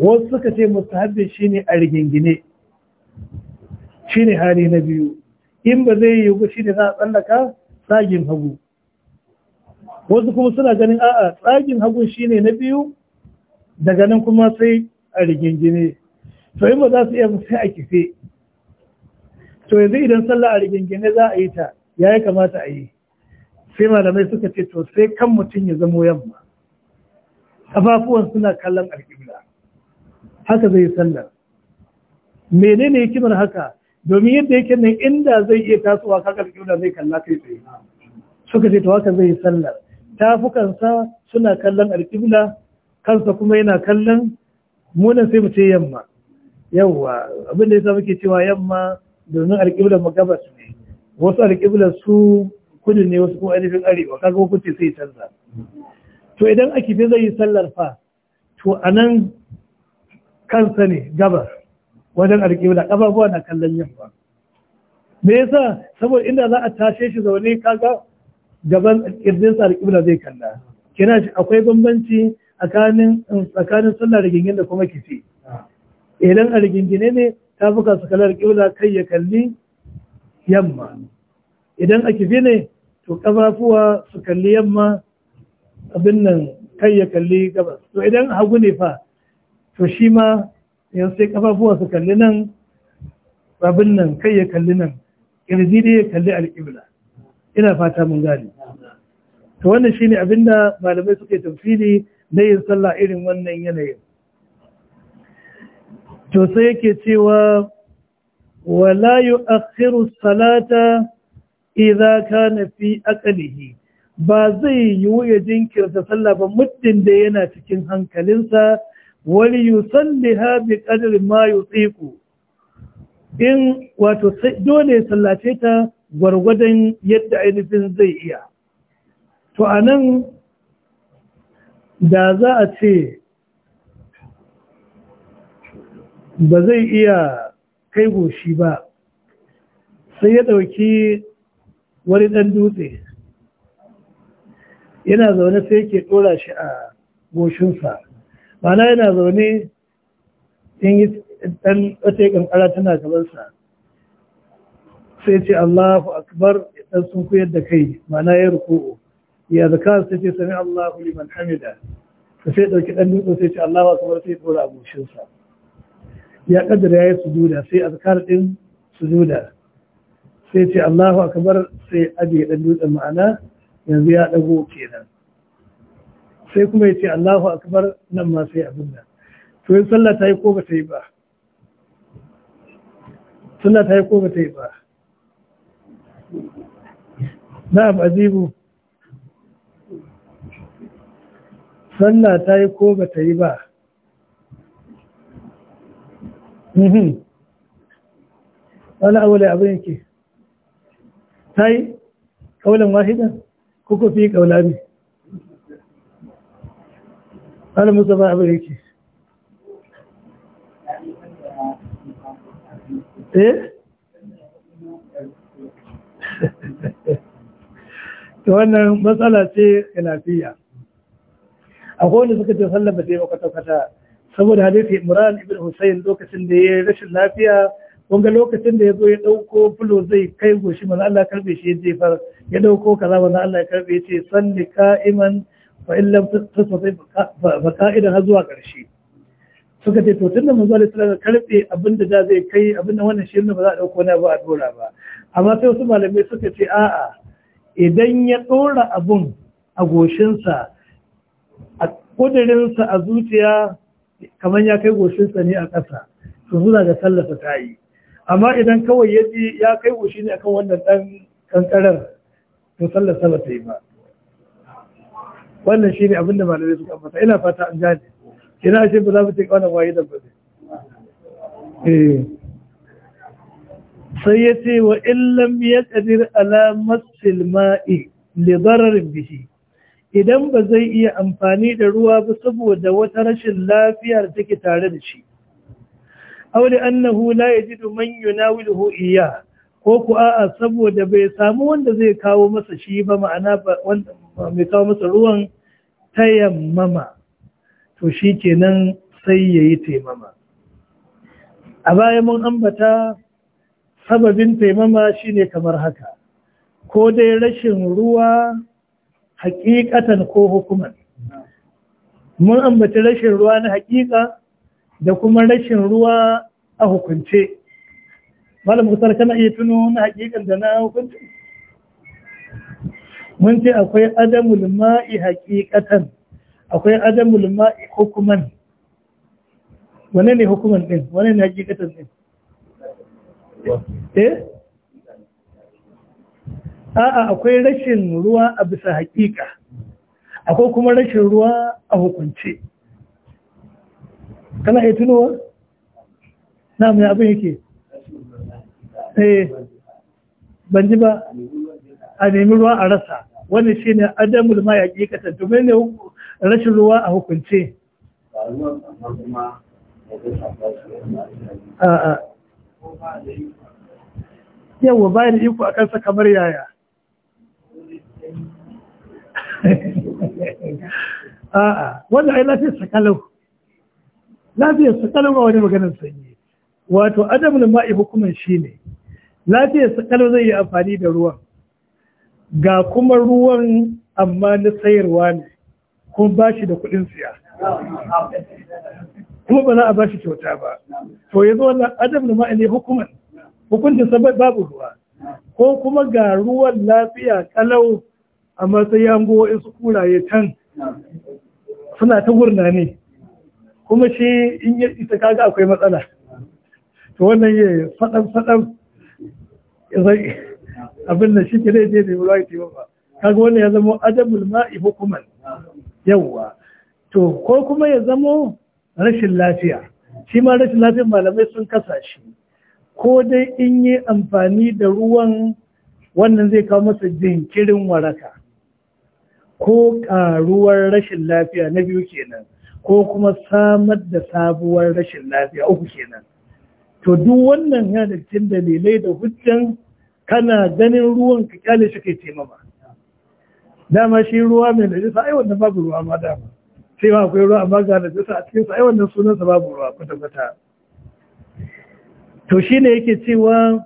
Speaker 1: wasu suka ce musahabi shine a rigingine shine hali na biyu in ba zai yiwu ba shine za a tsallaka tsagen hagu wasu kuma suna ganin a'a tsagin hagun ne na biyu daga nan kuma sai a rigingine to yi ba za su iya sai a kife to yanzu idan sallah a rigingine za a yi ta ya yi kamata a yi sai malamai suka ce to sai kan mutum ya zamo yamma kafafuwan suna kallon alƙibla haka zai sallar menene hikimar haka domin yadda yake nan inda zai iya tasowa ka alƙibla zai kalla kai tsaye suka ce to haka zai yi sallar tafukansa suna kallon alƙibla kansa kuma yana kallon munan sai mu ce yamma yawwa abin da yasa muke cewa yamma domin alƙiblar mu gabas ne wasu alƙiblar su kudu ne wasu kuma ainihin arewa kaga hukunci sai canza to idan a kife zai yi sallar fa to a nan kansa ne gabas, wajen alƙibla ƙafafuwa na kallon yamma me yasa saboda inda za a tashe shi zaune kaga gaban kirjin sa alƙibla zai kalla kina shi akwai bambanci tsakanin tsakanin sallah da gingin da kuma kifi. idan a rigingine ne ta buka su kalar alƙibla kai ya kalli yamma idan a kifi ne to kafafuwa su kalli yamma abin nan kai ya kalli gabas to idan hagu ne fa to shi ma yanzu sai kafafuwa su kalli nan abin nan kai ya kalli nan kirji dai ya kalli alƙibla ina fata mun gane to wannan shine abinda malamai suke tafsiri na yin sallah irin wannan yanayin to sai yake cewa wala yu'akhiru salata idza kana fi aqlihi ba zai yiwu ya jinkirta sallah ba muddin da yana cikin hankalinsa wani yusalliha bi qadri ma yutiqu in wato dole sallace ta gwargwadon yadda ainihin zai iya to a nan da za a ce ba zai iya kai goshi ba sai ya ɗauki wani ɗan dutse yana zaune sai yake ɗora shi a goshinsa mana yana zaune in yi ɗan wata ƙanƙara tana gabansa sai ce Allahu akbar ya dan sun kuyar da kai ma'ana ya ruku'u ya zaka sai ce sami Allahu liman hamida to sai dauki dan dutse sai ce Allahu akbar sai dora abushin sa ya kaddara yayi sujuda sai azkar din sujuda sai ce Allahu akbar sai aje dan dutsen ma'ana yanzu ya dago kenan sai kuma ya ce Allahu akbar nan ma sai abin nan to in sallah ta yi ko ba ta yi ba sallah ta yi ko ba ta yi ba na'am azibu sallah ta yi ko ba ta yi ba mhm. wani aure abin yake ta yi ƙaunar wahidan kuka fi ƙauna ne wani ba abin yake eh to wannan matsala ce ilafiya akwai wanda suka ce sallar ba ta yi ba kwata-kwata saboda hadithi imran ibn husayn lokacin da ya yi rashin lafiya ga lokacin da ya zo ya ɗauko fulo zai kai goshi mana Allah karbe shi ya jefar ya ɗauko kaza manzo Allah ya karbe ce salli ka'iman fa in lam tasfa fa qa'idan har zuwa ƙarshe suka ce to tunda manzo Allah sallallahu karbe abinda da zai kai abinda wannan shirin ba za a ɗauko na ba a dora ba amma sai wasu malamai suka ce a'a idan ya ɗora abun a goshinsa a ƙudurinsa a zuciya kamar ya kai goshinsa ne a ƙasa su nuna ga sallasa ta yi amma idan kawai ya ji ya kai goshi ne akan wannan ɗan kankarar to sallasa ba ta yi ba wannan shi ne abinda malamai suka ambata ina fata an gane ina shi ba za mu ce wannan waye da ba ne eh. sai ya ce wa illan ya tsadir alamar silma'i libararin bishi idan ba zai iya amfani da ruwa ba saboda wata rashin lafiya da take tare da shi aure annahu la domin yuna yunawiluhu iya ko ku a'a saboda bai samu wanda zai kawo masa shi ba ma'ana wanda mai kawo masa ruwan tayammama to shi kenan sai ya yi taimama a baya mun ambata sababin taimama shine kamar haka ko dai rashin ruwa hakikatan ko hukuman mun ambaci rashin ruwa na hakika da kuma rashin ruwa a hukunce malam kusar kana iya tuno na hakikan da na hukunce mun ce akwai adamul ma'i hakikatan akwai adamul ma'i hukuman wane ne hukuman din wane ne hakikatan din eh a'a akwai rashin ruwa a bisa haƙiƙa akwai kuma rashin ruwa a hukunce kana iya tunowa na mai abin yake eh ban ji ba a nemi ruwa a rasa wani shi ne adamul ma ya ƙiƙata domin ne rashin ruwa a hukunce a'a yawa ba da iko a kansa kamar yaya a'a wanda ai lafiyar sakalau lafiyar sakalau ba wani maganar sanyi wato adamul ma'i shi ne. lafiyar sakalau zai yi amfani da ruwan ga kuma ruwan amma na sayarwa ne kuma ba shi da kuɗin siya kuma ba za a ba shi kyauta ba to ya zo wannan adam da ma'ali hukuman hukuncin sa babu ruwa ko kuma ga ruwan lafiya kalau a matsayin an in su kuraye can suna ta gurna ne kuma shi in ya isa kaga akwai matsala to wannan ya fadan fadan abin da shi ke dai da ruwa ya ba kaga wannan ya zama adabul ma'i hukuman yawwa to ko kuma ya zamo rashin lafiya shi ma rashin lafiyar malamai sun kasa shi ko dai in yi amfani da ruwan wannan zai kawo masa jinkirin waraka ko karuwar rashin lafiya na biyu kenan ko kuma samar da sabuwar rashin lafiya uku kenan to duk wannan ya da cikin dalilai da hujjan kana ganin ruwan ka kyale shi kai dama shi ruwa mai najisa ai wannan babu ruwa ma dama sai ma akwai ruwa amma ga najasa a cikin sa ai wannan sunan sa babu
Speaker 2: ruwa kwata kwata
Speaker 1: to shine yake cewa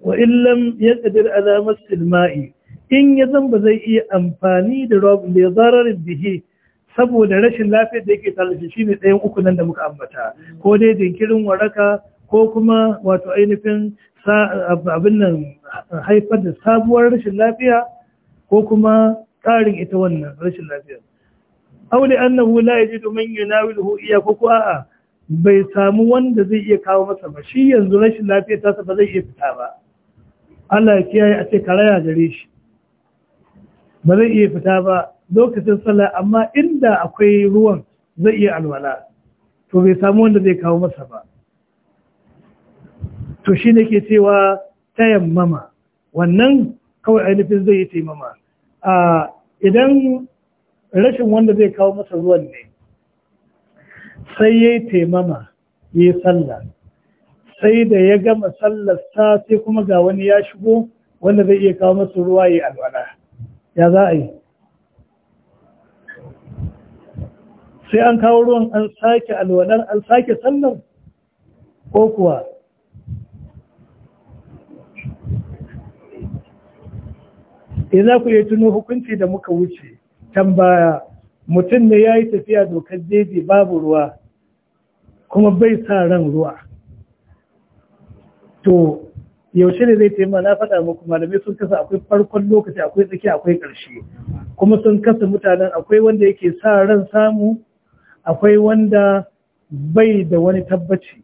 Speaker 1: wa illam yaqdir ala masjid ma'i in ya zan ba zai iya amfani da ruwa da zarar bihi saboda rashin lafiyar da yake talashi shine ɗayan uku nan da muka ambata ko dai jinkirin waraka ko kuma wato ainihin abin nan haifar da sabuwar rashin lafiya ko kuma tsarin ita wannan rashin lafiyar aure annahu la yajidu man yunawiluhu iya ko a'a bai samu wanda zai iya kawo masa ba shi yanzu rashin lafiya ta ba zai iya fita ba Allah ya kiyaye a ce karaya gare shi ba zai iya fita ba lokacin sallah amma inda akwai ruwan zai iya alwala to bai samu wanda zai kawo masa ba to shi ne ke cewa tayammama wannan kawai ainihin zai yi taimama ah, idan rashin wanda zai kawo masa ruwan ne sai ya yi taimama ya yi sallah sai da ya gama sallarsa sai kuma ga wani ya shigo wanda zai iya kawo masa ruwa ya alwala ya za a yi sai an kawo ruwan an sake alwalar an sake sallar ko kuwa eh, za ku iya tuno hukunci da muka wuce tambaya mutum ne ya yi tafiya dokar jeji babu ruwa kuma bai sa ran ruwa to yaushe ne zai taimaka na faɗa muku malamai sun kasa akwai farkon lokaci akwai tsaki akwai ƙarshe kuma sun kasa mutanen akwai wanda yake sa ran samu akwai wanda bai da wani tabbaci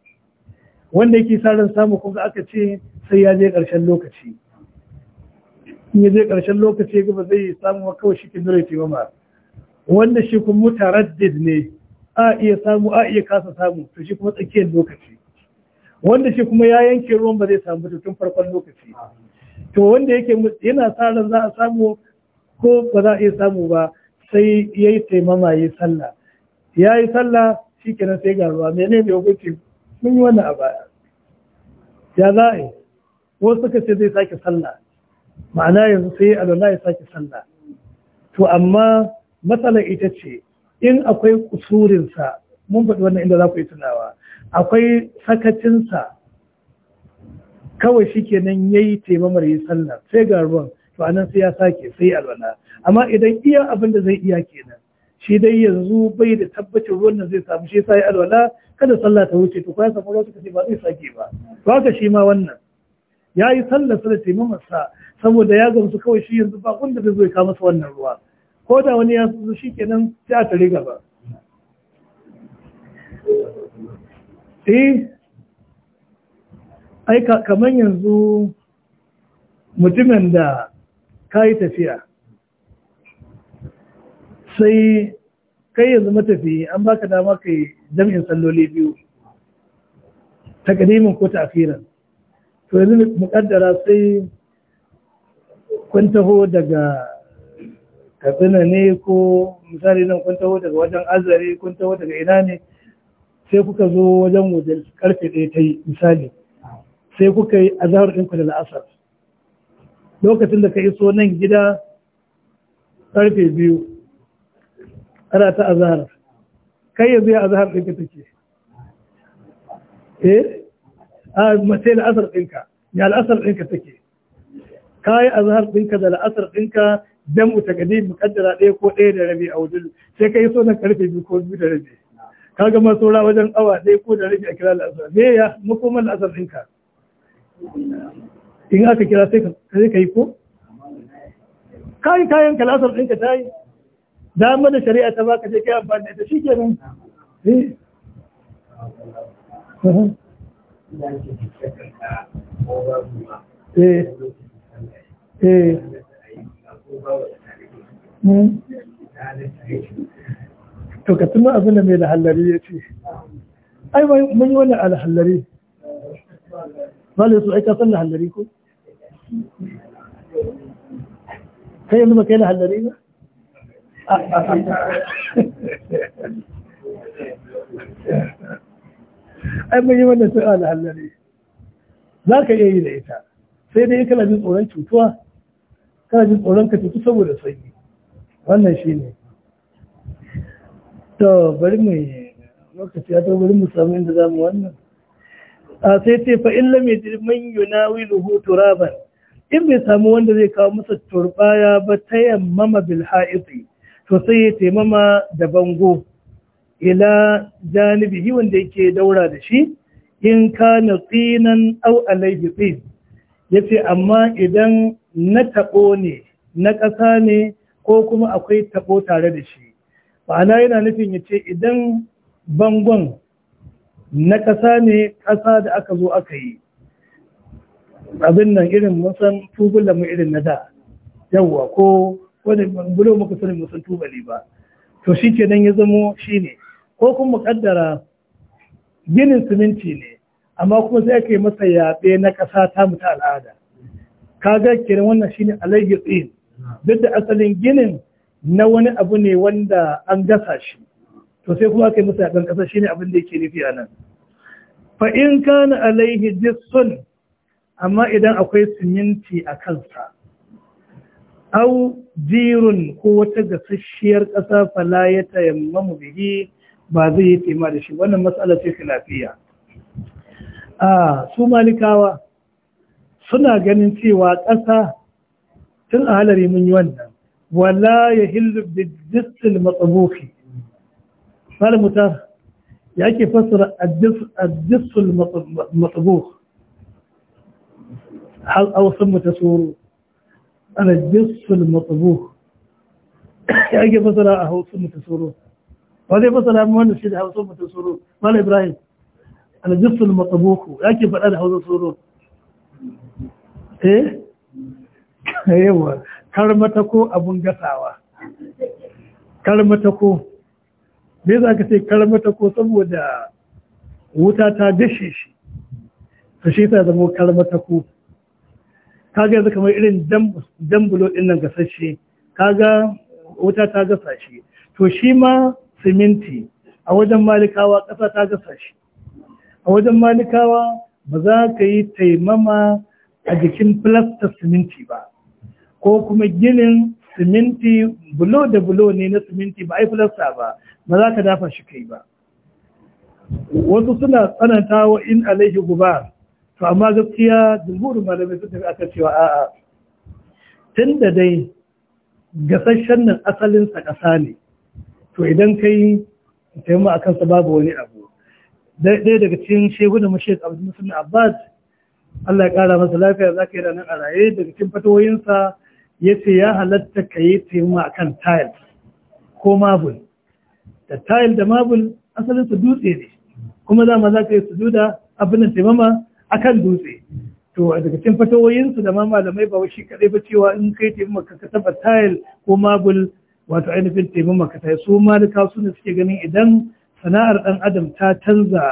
Speaker 1: wanda yake sa ran samu kuma aka ce sai ya je ƙarshen lokaci in ya zai ƙarshen lokaci ba zai samu kawai shi kindirai ce ma wanda shi kuma mutaraddid ne a iya samu a iya kasa samu to shi kuma tsakiyar lokaci wanda shi kuma ya yanke ruwan ba zai samu tun farkon lokaci to wanda yake yana sa ran za a samu ko ba za a iya samu ba sai ya yi taimama ya yi sallah ya yi sallah shi kenan sai ga ruwa mene mai hukunci mun yi wannan a baya ya za a yi wasu suka ce zai sake sallah ma'ana yanzu sai alwala ya sake sallah to amma matsalar ita ce in akwai kusurinsa mun faɗi wannan inda za ku yi tunawa akwai sakacinsa kawai shi kenan ya yi taimamar yi sallah sai ga ruwan to a nan sai ya sake sai alwala amma idan iya abin da zai iya kenan shi dai yanzu bai da tabbacin ruwan nan zai samu shi sai alwala kada sallah ta wuce to kwaya samu ruwa suka ce ba zai sake ba to haka shi ma wannan ya yi sallar da taimamarsa saboda ya gamsu kawai shi yanzu ba da zai zo ya masa wannan ruwa ko da wani ya zo shi kenan ta tare gaba eh ai kamar yanzu mutumin da ka tafiya sai kai yanzu matafi an baka dama kai jami'in salloli biyu ta ko ta afiran to yanzu kaddara sai kun taho daga katsina ne ko misali nan kun taho daga wajen azare kun taho daga ina ne sai kuka zo wajen wajen karfe ɗaya ta yi misali sai kuka yi azahar ɗinku da la'asar lokacin da ka iso nan gida karfe biyu ana ta azahar kai yanzu ya azahar ɗinka take eh sai la'asar ɗinka ya la'asar ɗinka take Ka a azhar ɗinka da la'asar ɗinka dan mu mu mukaddara ɗaya ko ɗaya da rabi a wajen sai ka yi so na karfe biyu ko biyu da rabi Ka ma saura wajen awa ɗaya ko da rabi a kira la'asar me ya makoman la'asar ɗinka in aka kira sai ka yi ko Ka yi kayan ka la'asar ɗinka ta yi dama da shari'a ta baka je kai amfani da ita shi kenan eh eh to ka tuna abin da mai lahallari ya ce ai mun yi wani alhallari zale su aika san lahallari ko kai yanzu ba kai lahallari ba ai mun yi wannan sai Allah hallare za ka iya yi da ita sai dai kana jin tsoron cutuwa kana jin tsoron ka cutu saboda sanyi wannan shi ne to bari mu yi lokaci ya to bari mu samu inda za mu wannan a sai ce fa in lam yajid man yunawiluhu turaban in bai samu wanda zai kawo masa turbaya ba ta yamma bil ha'izi to sai ya taimama da bango ila janibihi wanda yake daura da shi in kana tsinan au alaihi tsin yace amma idan na taɓo ne na ƙasa ne ko kuma akwai taɓo tare da shi ma'ana yana nufin yace idan bangon na ƙasa ne ƙasa da aka zo aka yi abin nan irin musan tubula mu irin na da yawwa ko wani bulo muka sani musan tubali ba to shi kenan ya zamo shi ne ko kuma muƙaddara ginin siminti ne amma kuma sai ake masa yaɓe na ƙasa ta mutu al'ada Ka ga kenan wannan shine alayyi tsin duk da asalin ginin na wani abu ne wanda an gasa shi to sai kuma ake masa yaɓen ƙasa shine abin da yake nufi a nan fa in kana alayhi jissun amma idan akwai siminti a kansa au jirun ko wata gasasshiyar ƙasa fala ya tayammamu bihi ba zai yi tema da shi wannan matsala ce filafiya a su malikawa suna ganin cewa ƙasa tun a halari mun yi wannan wala ya hillu bidistil matsabofi malamuta ya ke a addistul matsaboki. hal ausun mu ta tsoro addistul matsabofi ya ke fasara a hausun mu ta tsoro wani zai fasa lamun wanda shi da hausa mutum soro mala ibrahim aljifin matsaboko ya ke faɗa da hausa soro eh yawa ko abun gasawa ko. me za ka ce ko saboda wuta ta dashe shi ta shi ta zama Ta ga yanzu kamar irin dambulo ɗin nan gasashe ga wuta ta gasa shi to shi ma siminti a wajen malikawa ƙasa ta gasa shi a wajen malikawa ba za ka yi taimama a jikin filasta siminti ba ko kuma ginin siminti bulo da bulo ne na siminti ba a yi filasta ba ba za ka dafa shi kai ba wasu suna tsananta wa in alaihi guba to amma gaskiya jumhurin malamai sun tafi aka cewa a'a tun da dai gasasshen nan asalinsa ƙasa ne to idan ka yi taimama a kansa babu wani abu ɗaya daga cikin da mashek abu musulmi abbas allah ya kara masa lafiya za ka yi ranar a raye daga cikin fatawoyinsa ya ce ya halatta ka yi taimama a kan tayil ko mabul da tayil da mabul asalin su dutse ne kuma za ma za ka yi su sujuda abin da taimama a kan dutse to daga cikin fatawoyinsu da ma malamai ba shi kaɗai ba cewa in kai taimama ka taɓa tayil ko mabul wato ainihin taimakon makatai su malika su ne suke ganin idan sana'ar ɗan adam ta canza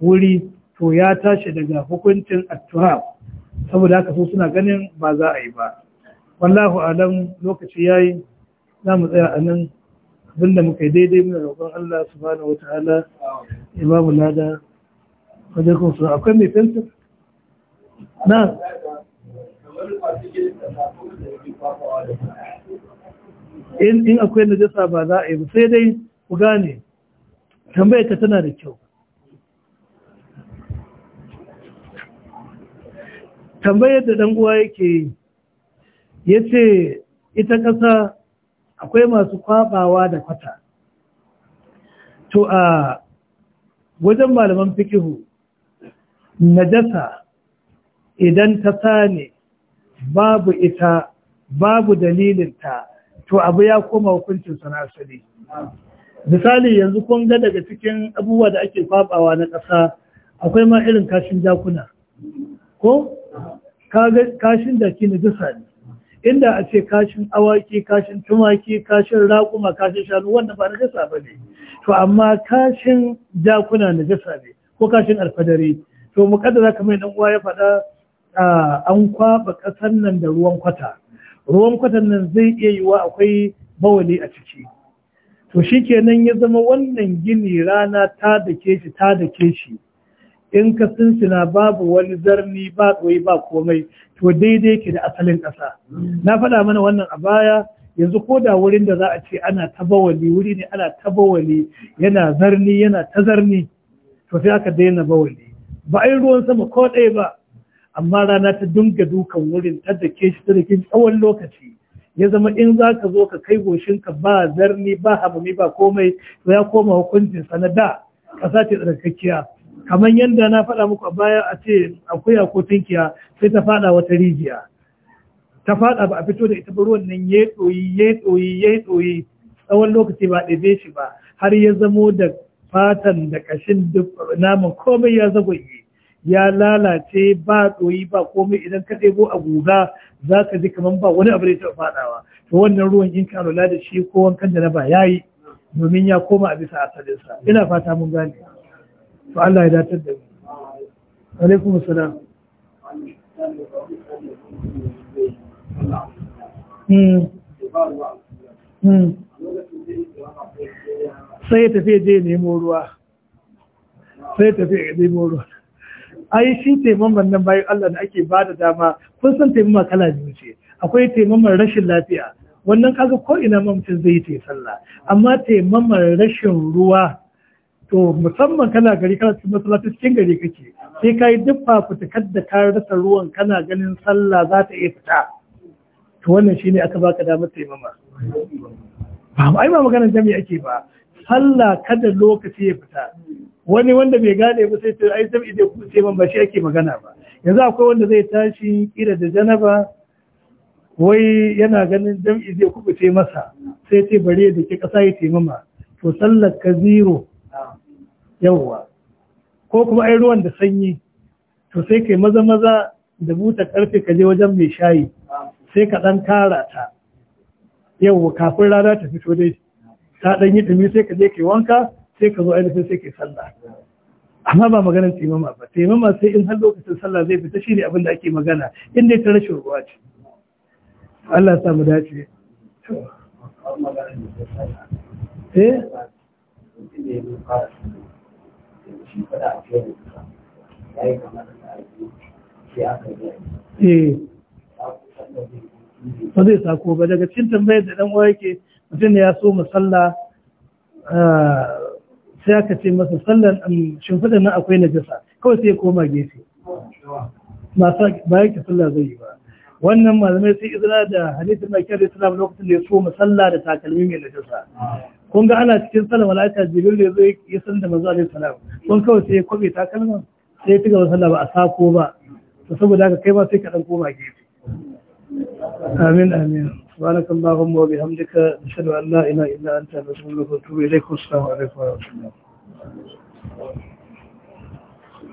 Speaker 1: wuri to ya tashi daga hukuncin attuhab saboda haka su suna ganin ba za a yi ba wallahu alam lokaci yayi za mu tsaya a nan abinda muka yi daidai muna roƙon Allah subhanahu wa ta'ala lada wajen kuma su akwai mai fensir na in akwai najasa ba za a yi ba, sai dai ku gane tambayar ta tana da kyau tambayar da uwa yake yi ya ce ita ƙasa akwai masu kwabawa da kwata to a wajen malaman fikihu najasa idan ta sane babu ita babu dalilinta to abu ya koma hukuncin sa na asali misali yanzu kun ga daga cikin abubuwa da ake fabawa na ƙasa akwai ma irin kashin jakuna ko kashin jaki na dusa ne inda a ce kashin awaki kashin tumaki kashin raƙuma kashin shanu wanda ba na jasa ba ne to amma kashin jakuna na jasa ne ko kashin alfadari to mu za ka mai ɗan uwa ya faɗa an kwaba ƙasar nan da ruwan kwata ruwan kwatan nan zai iya yiwa akwai bawali a ciki to shi kenan ya zama wannan gini rana ta dake shi ta dake shi in ka sinsina babu wani zarni ba ɗoyi ba komai to daidai ke da asalin ƙasa na faɗa mana wannan a baya yanzu ko da wurin da za a ce ana tabawali wuri ne ana tabawali yana zarni yana ta zarni to sai aka daina bawali ba a yi ruwan sama ko ɗaya ba amma rana ta dinga dukan wurin ta dake shi ta tsawon lokaci ya zama in za ka zo ka kai goshinka ba zarni ba hamami ba komai to ya koma hukuncin sa na da kasa ce tsarkakkiya kamar yadda na faɗa muku a baya a ce akuya ko kiya sai ta faɗa wata rijiya ta faɗa ba a fito da ita ba ruwan nan ya ɗoyi ya ɗoyi ya ɗoyi tsawon lokaci ba ɗebe shi ba har ya zamo da fatan da kashin duk naman komai ya zagoye ya lalace ba ɗoyi ba komai idan ka ɗebo a guga za ka ji kamar ba wani abu da ta faɗawa to wannan ruwan in ka lula da shi ko wankan da na ba ya yi domin ya koma a bisa asalinsa ina fata mun gane to Allah ya datar da mu alaikum salam hmm. Hmm. sai ya tafi je nemo ruwa sai ya je nemo ruwa ai shi taimaman nan bayan Allah da ake ba da dama kun san taimama kala biyu ce akwai taimaman rashin lafiya wannan kaga ko ina mutum zai yi sallah amma taimaman rashin ruwa to musamman kana gari kana cikin masallaci cikin gari kake sai kayi duk fafutukar da ka rasa ruwan kana ganin sallah za ta iya fita to wannan shine aka baka damar taimama ba ai ba maganar jami'a ake ba sallah kada lokaci ya fita wani wanda bai gane ba sai ai sai ide ku ce ban ba shi ake magana ba yanzu akwai wanda zai tashi kira da janaba wai yana ganin jam'i ku ce masa sai ce bare da ke kasa ya mama to sallar kaziro zero ko kuma ai ruwan da sanyi to sai kai maza maza da buta karfe ka je wajen mai shayi sai ka dan tara ta yawwa kafin rana ta fito dai ta dan yi ɗumi sai ka je kai wanka sai ka zo ainihin sai yi sallah amma ba maganar taimama ba taimama sai in har lokacin sallah zai fita shine abin da ake magana in dai ta rashin ruwa ce Allah ya mu dace eh? eh ba zai sako ba daga cikin tambayar da dan uwa yake mutum ya so mu sallah ah, sai aka ce masa sallar um, shimfiɗa na akwai na jisa kawai sai ya koma gefe ba yake sallah zai yi ba wannan malamai sai izina da halittar makiyar islam lokacin da ya so musalla da takalmi mai najasa kun ga ana cikin sallah aka jibril da zai yi san da manzo alaihi salam kun kawai sai ya kwabe takalmin sai ya ci gaba sallah ba a sako ba to saboda haka kai ma sai ka dan koma gefe آمين آمين سبحانك اللهم وبحمدك أشهد أن لا إله إلا أنت نستغفرك ونتوب إليك والسلام عليكم ورحمة الله